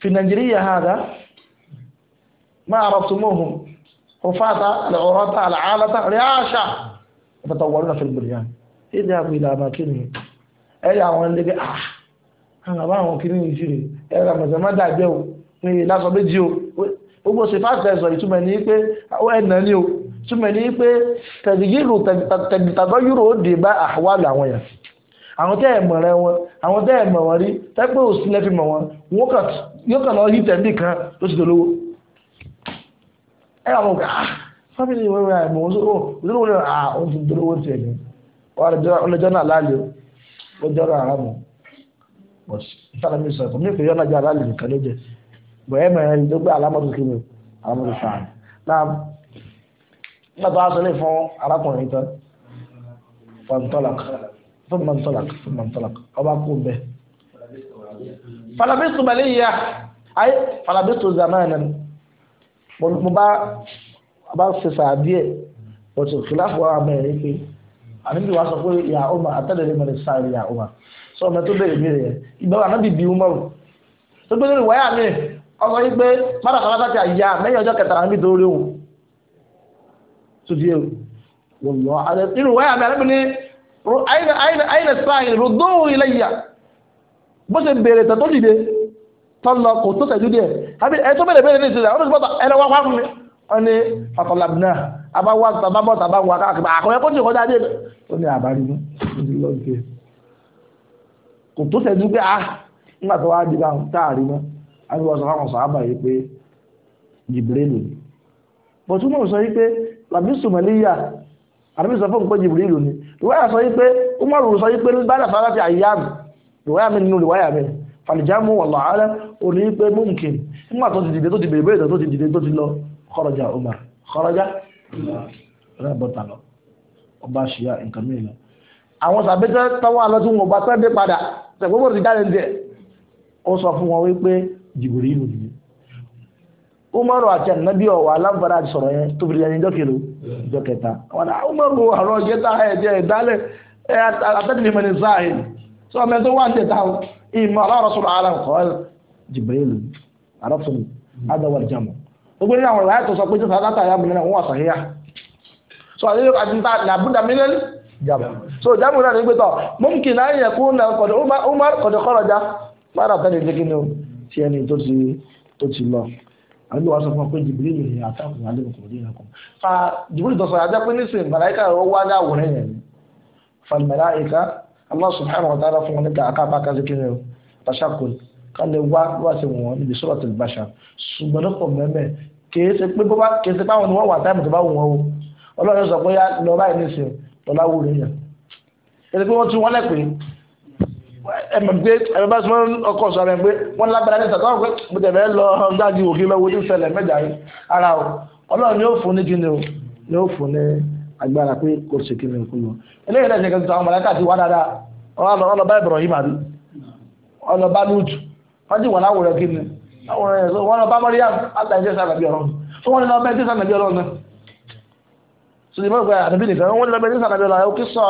S1: في نيجيريا هذا ما عرفتموهم حفاة العراة العالة رعاشة يتطورون في البنيان اذهبوا إلى أماكنهم أي àwọn ẹlẹgbẹ́ ah àwọn àbáwọn kìíní yìí ṣe ẹ̀rọ àmọ̀sẹ̀ má dàgbẹ́ o ní ìlàsọ méjì o gbogbo sèfáàsì ẹ̀sọ̀ ìtumọ̀ ní pé ẹ̀nà ni o túmọ̀ ní pé tẹ̀gìyìrò tẹ̀gìtàgọ́ yúrò ó dé bá àwàlù àwọn yẹn àwọn tẹ́ ẹ̀ mọ̀ rẹ wọn àwọn tẹ́ ẹ̀ mọ̀ wọn rí tẹ́pẹ́ òsì lẹ́fi mọ̀ wọn wọn yóò kàn lọ yí tẹ̀lé kan ló ti dolówó ẹ àwọn ọ̀gá ah, fámìlì wọn rẹ àìmọ̀ wọn sọ́kò òṣèlú oh, wọn rẹ àwọn ah, ti dolówó tiẹ̀ ní ọlọ́jọ́ náà láàlẹ́ o lọ́jọ́ náà àrámọ̀ ìtàlámì sọ̀tọ̀ mí kò yọ bẹ̀rẹ̀ mẹ́rin ẹni tó gbé alámọ̀tò kí ni alámọ̀tò sàn. na nígbà tó a sọ lè fún arákùnrin tán fọ̀ntọ́làkà fọ̀ntọ́làkà fọ̀ntọ́làkà ọba kú bẹ́ẹ̀. falabistu baliya ayé falabistu zamanan mo bá a bá ṣe sàdíẹ̀ wọ́n ti kìláàfù wa mẹ́rin pé àníbi wa sọ pé ìyá ọmọ àtẹ́lẹ̀lẹ́ mẹ́rin sáré ìyá ọmọ sọ ọmọ tó bẹ̀rẹ̀ mí rẹ̀ ìgbà wà nábì bí ọmọ tó gbé lórí wáyà mi ọsọ yìí pé mọ́tà kan láti àyà mẹ́yìn ọjọ́ kẹtàlá níbi dórí òun tó di èrò wọ̀nyọ́ àti irú wáyà mi àlẹ́bí ní àyìnà sáyìn rògbò ilẹ̀ yìí bó ṣe bèrè tẹ̀ tó dìde tó lọ kò tó tẹ̀jú díẹ̀ àbí ẹ tó bèrè bèrè ní ìṣẹ̀lẹ̀ ọdún ìgbọ́ta ẹ lọ wá wá fún mi wọ́n ní ọ̀tọ̀làbìnà àbáwá tàbábọ̀ tàbáwá káàkiri àkọ́yẹ́ kó jù kọjá dé ó ní àbárí ní lọ́ọ̀kẹ́ kò tó tẹ̀jú pé ah nígbà tó wá dìgbà táàrí mọ́ àgbà sọ fáwọn sàábà yìí pé jìbìrìlù bọ̀túmọ̀ sọ yìí pé làbí sùmọ̀lìyà àbí sọ fún pé jìbìrìlù ni ìwáyà sọ yìí pé umaru sọ yìí pé bá dàfà láti àyàmù ìwáyà mi nínú ìwáyà mi fàlìjáàmù wà láàárẹ̀ ò ní pé mumkin nígbà tó ti dìde tó ti bèrè bèrè tó ti dìde tó ti lọ kọ́rọ̀jà umar kọ́rọ̀jà rẹ̀ bọ́ta lọ ọba ṣìyà nǹkan mìíràn àwọn sàbẹ́tẹ̀ tọ́wọ́ alọ́tún wọn bá sẹ́ńdé padà tẹ̀gbọ́n bó ti dáre ń jẹ́ ó sọ fún wọn wípé jìbìrìlù nìyẹn umaru àti anabi ọwọ alábàárà sọ̀rọ̀ yẹn tóbi lẹni dọkẹló dọkẹta wọn ni umaru ọ̀rọ̀ jẹta ẹjẹ ìdálẹ ẹ atẹnumẹ ní sáàyè sọ mẹ tó wà ní tẹta o ìmọ alárọsọrọ ara nǹkan ẹ jìbìrìlù arọsọrọ adawari jamu gbogbo nínú àwọn ìwáyà tó sọ pé jésù adáta ya mìíràn wọn wà sàhíyà sọ àdéhùn àti níta nàbúdà mìíràn jamu so jamu náà ní gbẹtọ mọmkì náà yẹ kó nà kọdọ umar kọdọ kọlọjà má tí ẹni tó ti tó ti lọ àbí wàá sọ fún ọ pé jìbìlì lè yàn àtàkùn alẹ́kùn òdì ẹ̀kọ́ fa jìbìlì tó sọ ajá pé nísìnyí màláìka ó wá ní àwòrán yẹn ni falmàláìka Allah subhanahu wa ta'ala fún wọn níta àkàbà kásì kí ni o tashakul ká lè wá wá sí wọn níbi suratul bashar ṣùgbọ́n lọ́pọ̀ mẹ́mẹ́ kìí ṣe pé bọ́bá kìí ṣe páwọn ni wọ́n wà táìmù tó bá wù wọn o ọlọ́run sọ pé lọ́ọ́ báyìí nísìnyí lọ́lá wù ẹmọ pé ẹmọ bá sọ ọkọ sọ rẹ pé wọn lágbára ní ìtàkùn àwọn pé mo tẹ̀lé lọ gbági òkè lọ wojú ṣẹlẹ̀ mẹ́ta yìí ara o ọlọ́run ni ó fún ní kíni o ni ó fún ní agbára pé kò sí kíni o kú lọ eléyìí náà ṣe kẹsì àwọn mọ̀lẹ́kà ti wá dáadáa ọlọ́ba Ibrahim àbí ọlọ́ba Lut wọ́n ti wọ̀n láwùrọ̀ kíni láwùrọ̀ yẹn wọ́n lọ bá Mariam aláìjẹ́ sàlàbí ọ̀rọ̀ tó wọ́n lọ bẹ́ẹ̀ sàlàbí ọ̀rọ̀ náà sùdìmọ́ ìgbà àdàbí nìkan wọ́n lọ bẹ́ẹ̀ sàlàbí ọ̀rọ̀ kí sọ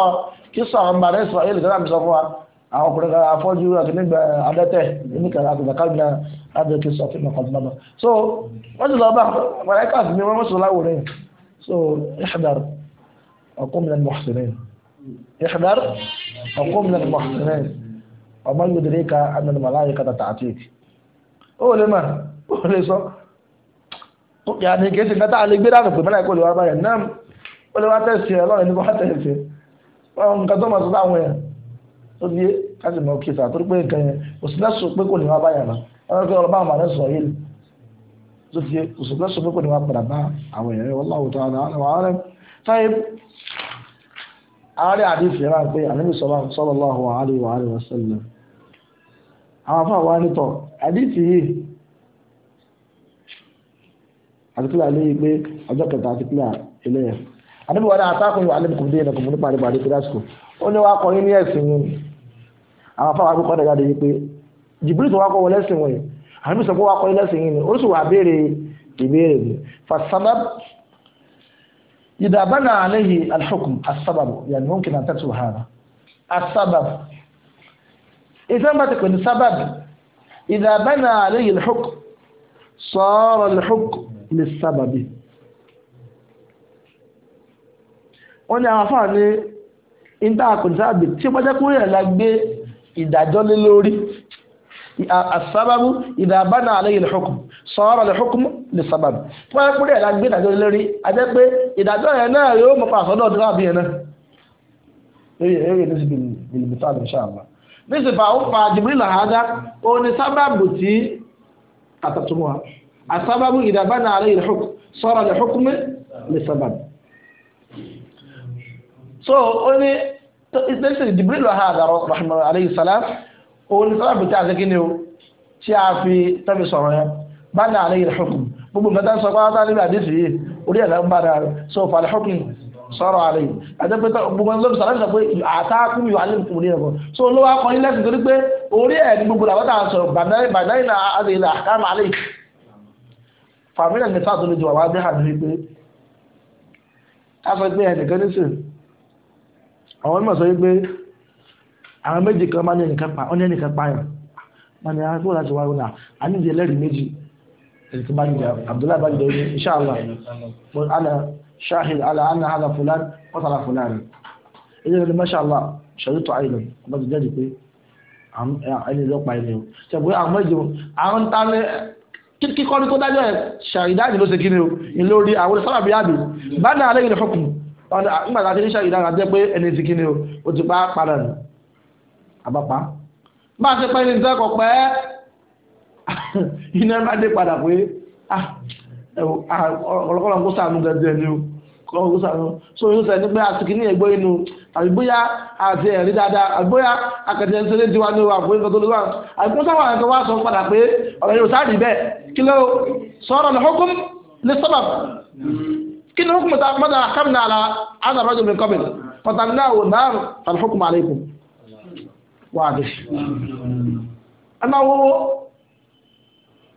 S1: kí sọ ọmọ rẹ̀ sọ àwọn ọkùnrin kan afọ́jú àtúnígbà adẹ́tẹ̀ oníkàrà àtúndàkàgbà adẹ́tẹ̀ sọ fún ọkọ̀ bàbá so wọ́n ti lọ bá mọ̀lẹ́kà ní wọ́n sọ láwùrẹ́ so ihdar ọkùn min al-muhsinin ihdar ọkùn min al-muhsinin ọmọ yóò dèrè ka anna al-malaika tata'tik ó lè mà ó lè sọ yàtọ̀ kìí ṣe nǹkan tá a lè gbé dànù pé mẹ́lẹ́kà olè wá báyà náà ó tó di káṣí mọ kí sàtúrú pé nǹkan yẹn òsínlẹsùn pé kò ní wá báyà lọ ọlọ́run pé ọlọ́ba àwọn àrẹsọ yìí tó di òsínlẹsùn pé kò ní wá padà bá àwọn èèyàn wọn láwùjọ àwọn àrẹ táyé àárẹ àdìsí rà pé ànábì sallallahu alaihi wa alihi wasallam àwọn afọ àwọn ànítọ àdìsí yìí àtikílà léyìí pé ọjọ́ kẹta àtikílà eléyà àdìbò wọn ni àtàkùn yóò alẹ́ kùn dé ẹ̀nà kùn mú nípa àdìbò àdìbò àwọn afáwọn akókò ọ̀dà jáde wípé Jibril tó wá kọ́ wọlé ẹ̀sìn wọ̀nyí àbí sọ pé wá kọ́ ilé ẹ̀sìn yìí ni ó sì wà béèrè ìbéèrè mi fasabab ìdàbánà àléhi alḥukum asábàbò yàrá mọ́nkì náà tẹ́tù hàrà asábàbò ìfẹ́ bá ti pè ní sábàbò ìdàbánà àléhi alḥukum sọ̀rọ̀ alḥukum lè sábàbì wọ́n ní àwọn afáàní ìdá àkùnsáàbì tí wọ́n jẹ́ kúrò yẹn la ìdájọ́ lé lórí asábàbù ìdàbánà àlẹ́ yìí lẹ́xọ́kùn sọ́ọ́rọ̀ lẹ́xọ́kùn lè sábàbù tí wọ́n pẹ́ ẹ̀la gbé ìdájọ́ lé lórí àti pé ìdájọ́ yẹn náà yóò mọ̀ pàṣẹ ọdún ọdún àbí yẹn náà. eré eré ní síbi ìlùmítà ní sàmà nísìfà ó fa jìbìrìlà àádá ó ní sábàbù tí àtàtúmọ̀ asábàbù ìdàbánà àlẹ́ yìí lẹ́xọ́kùn sọ́ọ́rọ̀ lẹ́xọ́kùn lè sábàbù. so ó ní tó especially Jibril lọ́ha àdàrọ̀ rahmanu alayhi salam òun ni sábà bìtẹ́ àti kíni o tí a fi tẹ́bi sọ̀rọ̀ yẹn bá ní alayhi al-hukm gbogbo nǹkan tá a sọ pé wọ́n bá níbi àdéhùn yìí orí ẹ̀dá ń bá dáa so fa al-hukm sọ̀rọ̀ àlẹ́ yìí àtẹ́pẹ́tẹ́ gbogbo ẹni lóbi sọ̀rọ̀ sọ pé àtàkùn yóò alẹ́ nìkan nìyẹn kan so ló wá kọ́ni lẹ́sìn torí pé orí ẹ̀ ní gbogbo àwọn táwọn sọ̀rọ̀ bàdáyìn àwọn onímọ̀ sọ wípé àwọn méjì kan máa ní ẹnìkan pa ọ́nà ẹnìkan pààyàn máa ní agbóhùn ah, láti wá ọ̀nà àníbi ẹlẹ́rìí méjì ẹ̀sìn bá jẹ Abdullahi bá jẹ ní inṣàlá but ana shahid ala ana hada fulan wọ́tara fulan ilé ẹni mọ́ṣàlá ṣẹ̀rí tó àìlẹ̀ ọba ti jẹ́rìí pé ẹni ló pa ẹni o ṣẹ̀bùrẹ́ àwọn méjì àwọn ta ni kíkọ́ ni tó dájọ́ ẹ̀ ṣàrídáàjì ló ṣe nígbà tá a ti ní ṣàyídá náà jẹ́ pé ẹni tí kíni o ti pa padà nù àbápá bá a ti pẹ́ ní ìtẹ́kọ̀ pẹ́ iná bá dé padà pé ọ̀rọ̀kọ̀rọ̀ kó sàánú gẹ́gẹ́ ni o kọ́ sàánú so yóò sẹ́ni pé àti kíní ẹ̀gbọ́ inú àbí bóyá àti ẹ̀rí dáadáa àbí bóyá akẹ́tẹ́ ń sẹ́lẹ̀ tiwa ní o àbúrò nǹkan tó lè wà kí ni hukumu ta mada akamna ala ana rajul min qabl fatannahu nar fal hukmu alaykum wadih anawo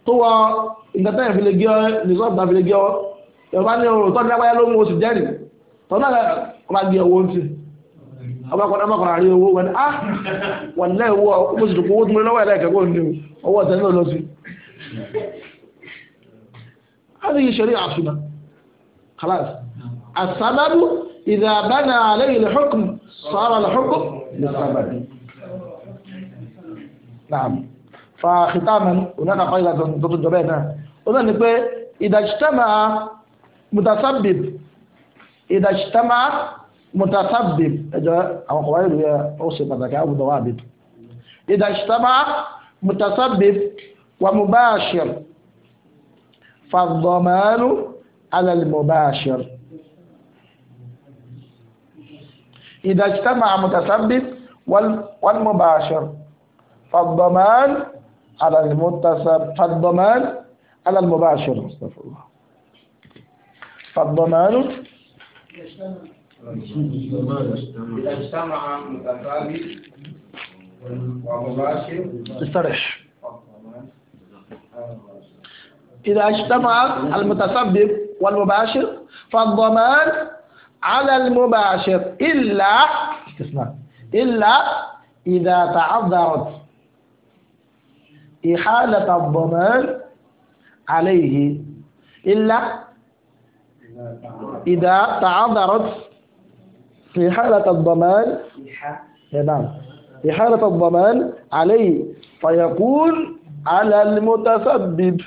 S1: tó wọ nǹkan tẹ́yìn fìlẹ̀ gíọ́ nìsọ́ọ̀bù náà fìlẹ̀ gíọ́ yorùbá ní ọ̀rọ̀ tọ́ni lágbáyé ló ń wo sì jẹ́rìí tọ́ni náà ọba gbé owó ń fi ọba kọ́ni ọba kọ́ni àrí owó wọn á wọn náà owó ọmọ sì dùkú owó tó múlẹ̀ lọ́wọ́ ẹ̀rẹ́ ìkẹ́kọ̀ọ́ ní owó ọ̀tẹ̀ ní olóṣù. a ní ìṣẹ̀rí àṣùnà خلاص السبب إذا بنى عليه الحكم صار الحكم للسبب نعم فختاما هناك قاعدة تطلب بينها نقول إذا اجتمع متسبب إذا اجتمع متسبب أو قواعد هي أوصي بذكاء أو ضوابط إذا اجتمع متسبب ومباشر فالضمان على المباشر إذا اجتمع متسبب والمباشر فالضمان على المتسبب فالضمان على المباشر استغفر الله فالضمان
S2: إذا اجتمع متسبب ومباشر استرح
S1: إذا اجتمع المتسبب والمباشر فالضمان على المباشر إلا استثناء إلا إذا تعذرت إحالة الضمان عليه إلا إذا تعذرت في حالة الضمان نعم في حالة الضمان عليه فيكون على المتسبب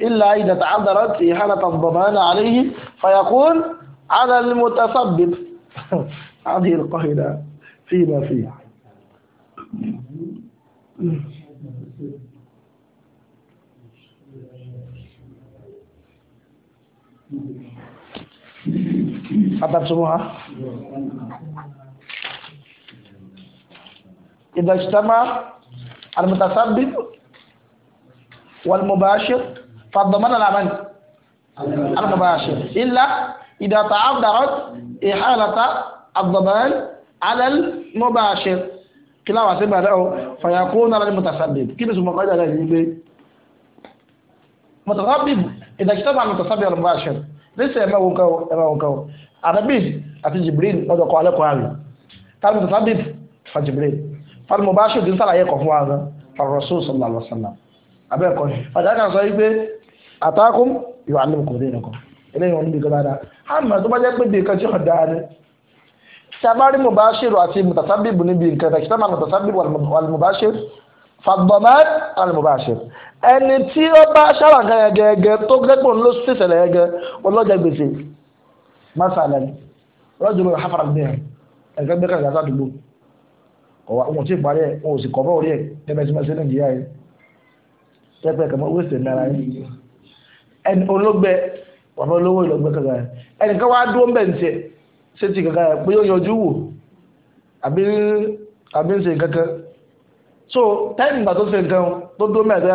S1: إلا إذا تعذرت في حالة الضمان عليه فيقول على المتسبب هذه القاعدة فيما فيها Atap semua. إذا اجتمع المتسبب والمباشر فضمن العمل المباشر إلا إذا تعذرت إحالة الضمان على المباشر kila wa sebe adao fayakuna lal mutasabbib kini suma kaja la yibe mutasabbib ida kitaba al mutasabbib al mubashir lisa ma won kawo ma won kawo arabi àti jibril odo ko ale ko ari tal mutasabbib fa jibril fal mubashir din sala ye ko fún wa fa rasul sallallahu alaihi wasallam abe ko fa da kan sọ yibe àtàkùn ìwà àlùkò dé nìkan eléyìí wọn níbi kan dáadáa àmọ́ tó bá jẹ́ pé bí nǹkan tí yóò dáa ni sabari mubashiru àti mutasabibu níbi nǹkan tàkítà máa mutasabibu alimubashiru fàgbọ̀mọ́t alimubashiru ẹni tí ó bá ṣáwà nǹkan tó gẹ́gbọ̀n ló sì gẹ́gẹ́ ọlọ́jà gbèsè masalan rọ́jòló hafara gbẹ̀rẹ̀ ẹ̀gbẹ́ gbẹ́kẹ̀ gàdá àdúgbò ọ̀wà wọn ti parí ẹ̀ wọn ò sì kọ́ bọ́ orí ẹ̀ tẹ́mẹ́símẹ́sí nàìjíríà yìí tẹ́pẹ́ kàmọ́ wíṣẹ̀ náírà yìí ẹni olóògbé wàá olówó ìlọgbẹ kankan yẹn ẹnìkan wàá dúró mbẹ ntiẹ sétí kankan yẹn pé yóò yanjú wò àbí àbí ń ṣe kankan so táìmù ìgbà tó ṣe nǹkan tó dúró mẹ́ta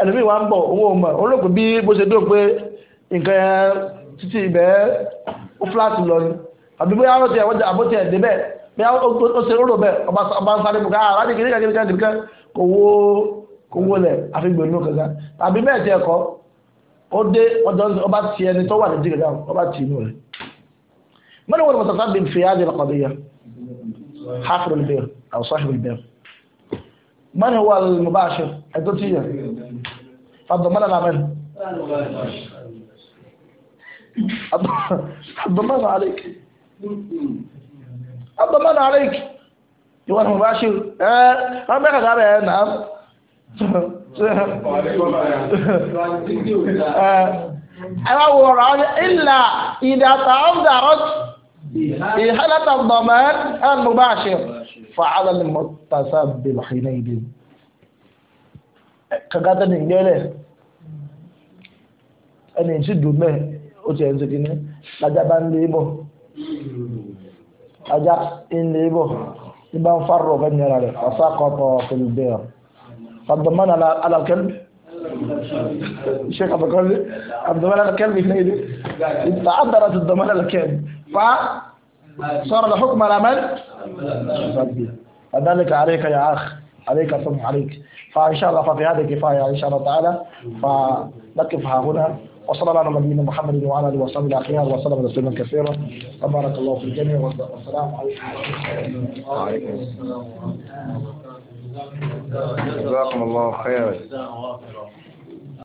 S1: ẹlòmíì wàá ń bọ̀ owó ọmọ olóògbé bí bó ṣe dúró pé nǹkan yẹn títí ibẹ̀ ó fúláàtì lọ ni àbí bóyá ó ti ẹ̀ wọ́jà àbótí ẹ̀ débẹ̀ bí ó ṣe rúrò bẹ́ẹ̀ ọba sáré bùkà aládìgírí ah, kankan kankan kò wó kò wó lẹ̀ àfi gbẹ̀lú kankan àbí bẹ́ẹ̀ ti ẹ̀kọ́ ó dé ọba ti ẹni tó wà ní jìgàdá ọba ti nù rẹ̀ mẹ́rin wọn mọ̀tàkà bí fi ájẹ́ lọ́kọ̀dé yá hafir olùbẹ̀rẹ̀ àwọn sọ́ọ̀hìn olùbẹ̀rẹ̀ mẹ́rin wọn mọ̀ bá aṣọ ẹ̀tọ́ ti yẹ fàdọ̀ mẹ́rin náà mẹ́rin الضمان عليك الضمان عليك يبقى المباشر اه ما بياخد على نعم ẹ bá wo ọ̀rọ̀ ọ̀rọ̀ ìlà ìdàtà ọ̀dà ọ̀tún ìhálàtà dọ̀mẹ́n al-mubashir fa'ala al-mutasabbil hinaydin kaga tani ngẹ́lẹ̀ ẹni tí dùn mẹ́ ó ti ẹ̀ ń sèkí ní lajá bá ń lé bọ̀ lajá ń lé bọ̀ ní bá ń farò ọ̀fẹ́ nyẹ́ra rẹ̀ ọ̀sá kọ́tọ̀ fẹ́lẹ́ bẹ́ẹ̀. الضمان على على الكلب الشيخ عبد القادر الضمان على الكلب هنا تعذرت الضمان على الكلب ف صار الحكم على من؟ فذلك عليك يا أخ عليك ثم عليك فإن شاء الله ففي هذه كفاية إن شاء الله تعالى فنقفها هنا وصلى الله على نبينا محمد وعلى اله وصحبه الاخيار وسلم تسليما كثيرا تبارك الله في الجميع والسلام عليكم ورحمه الله
S2: وبركاته جزاكم الله خيرا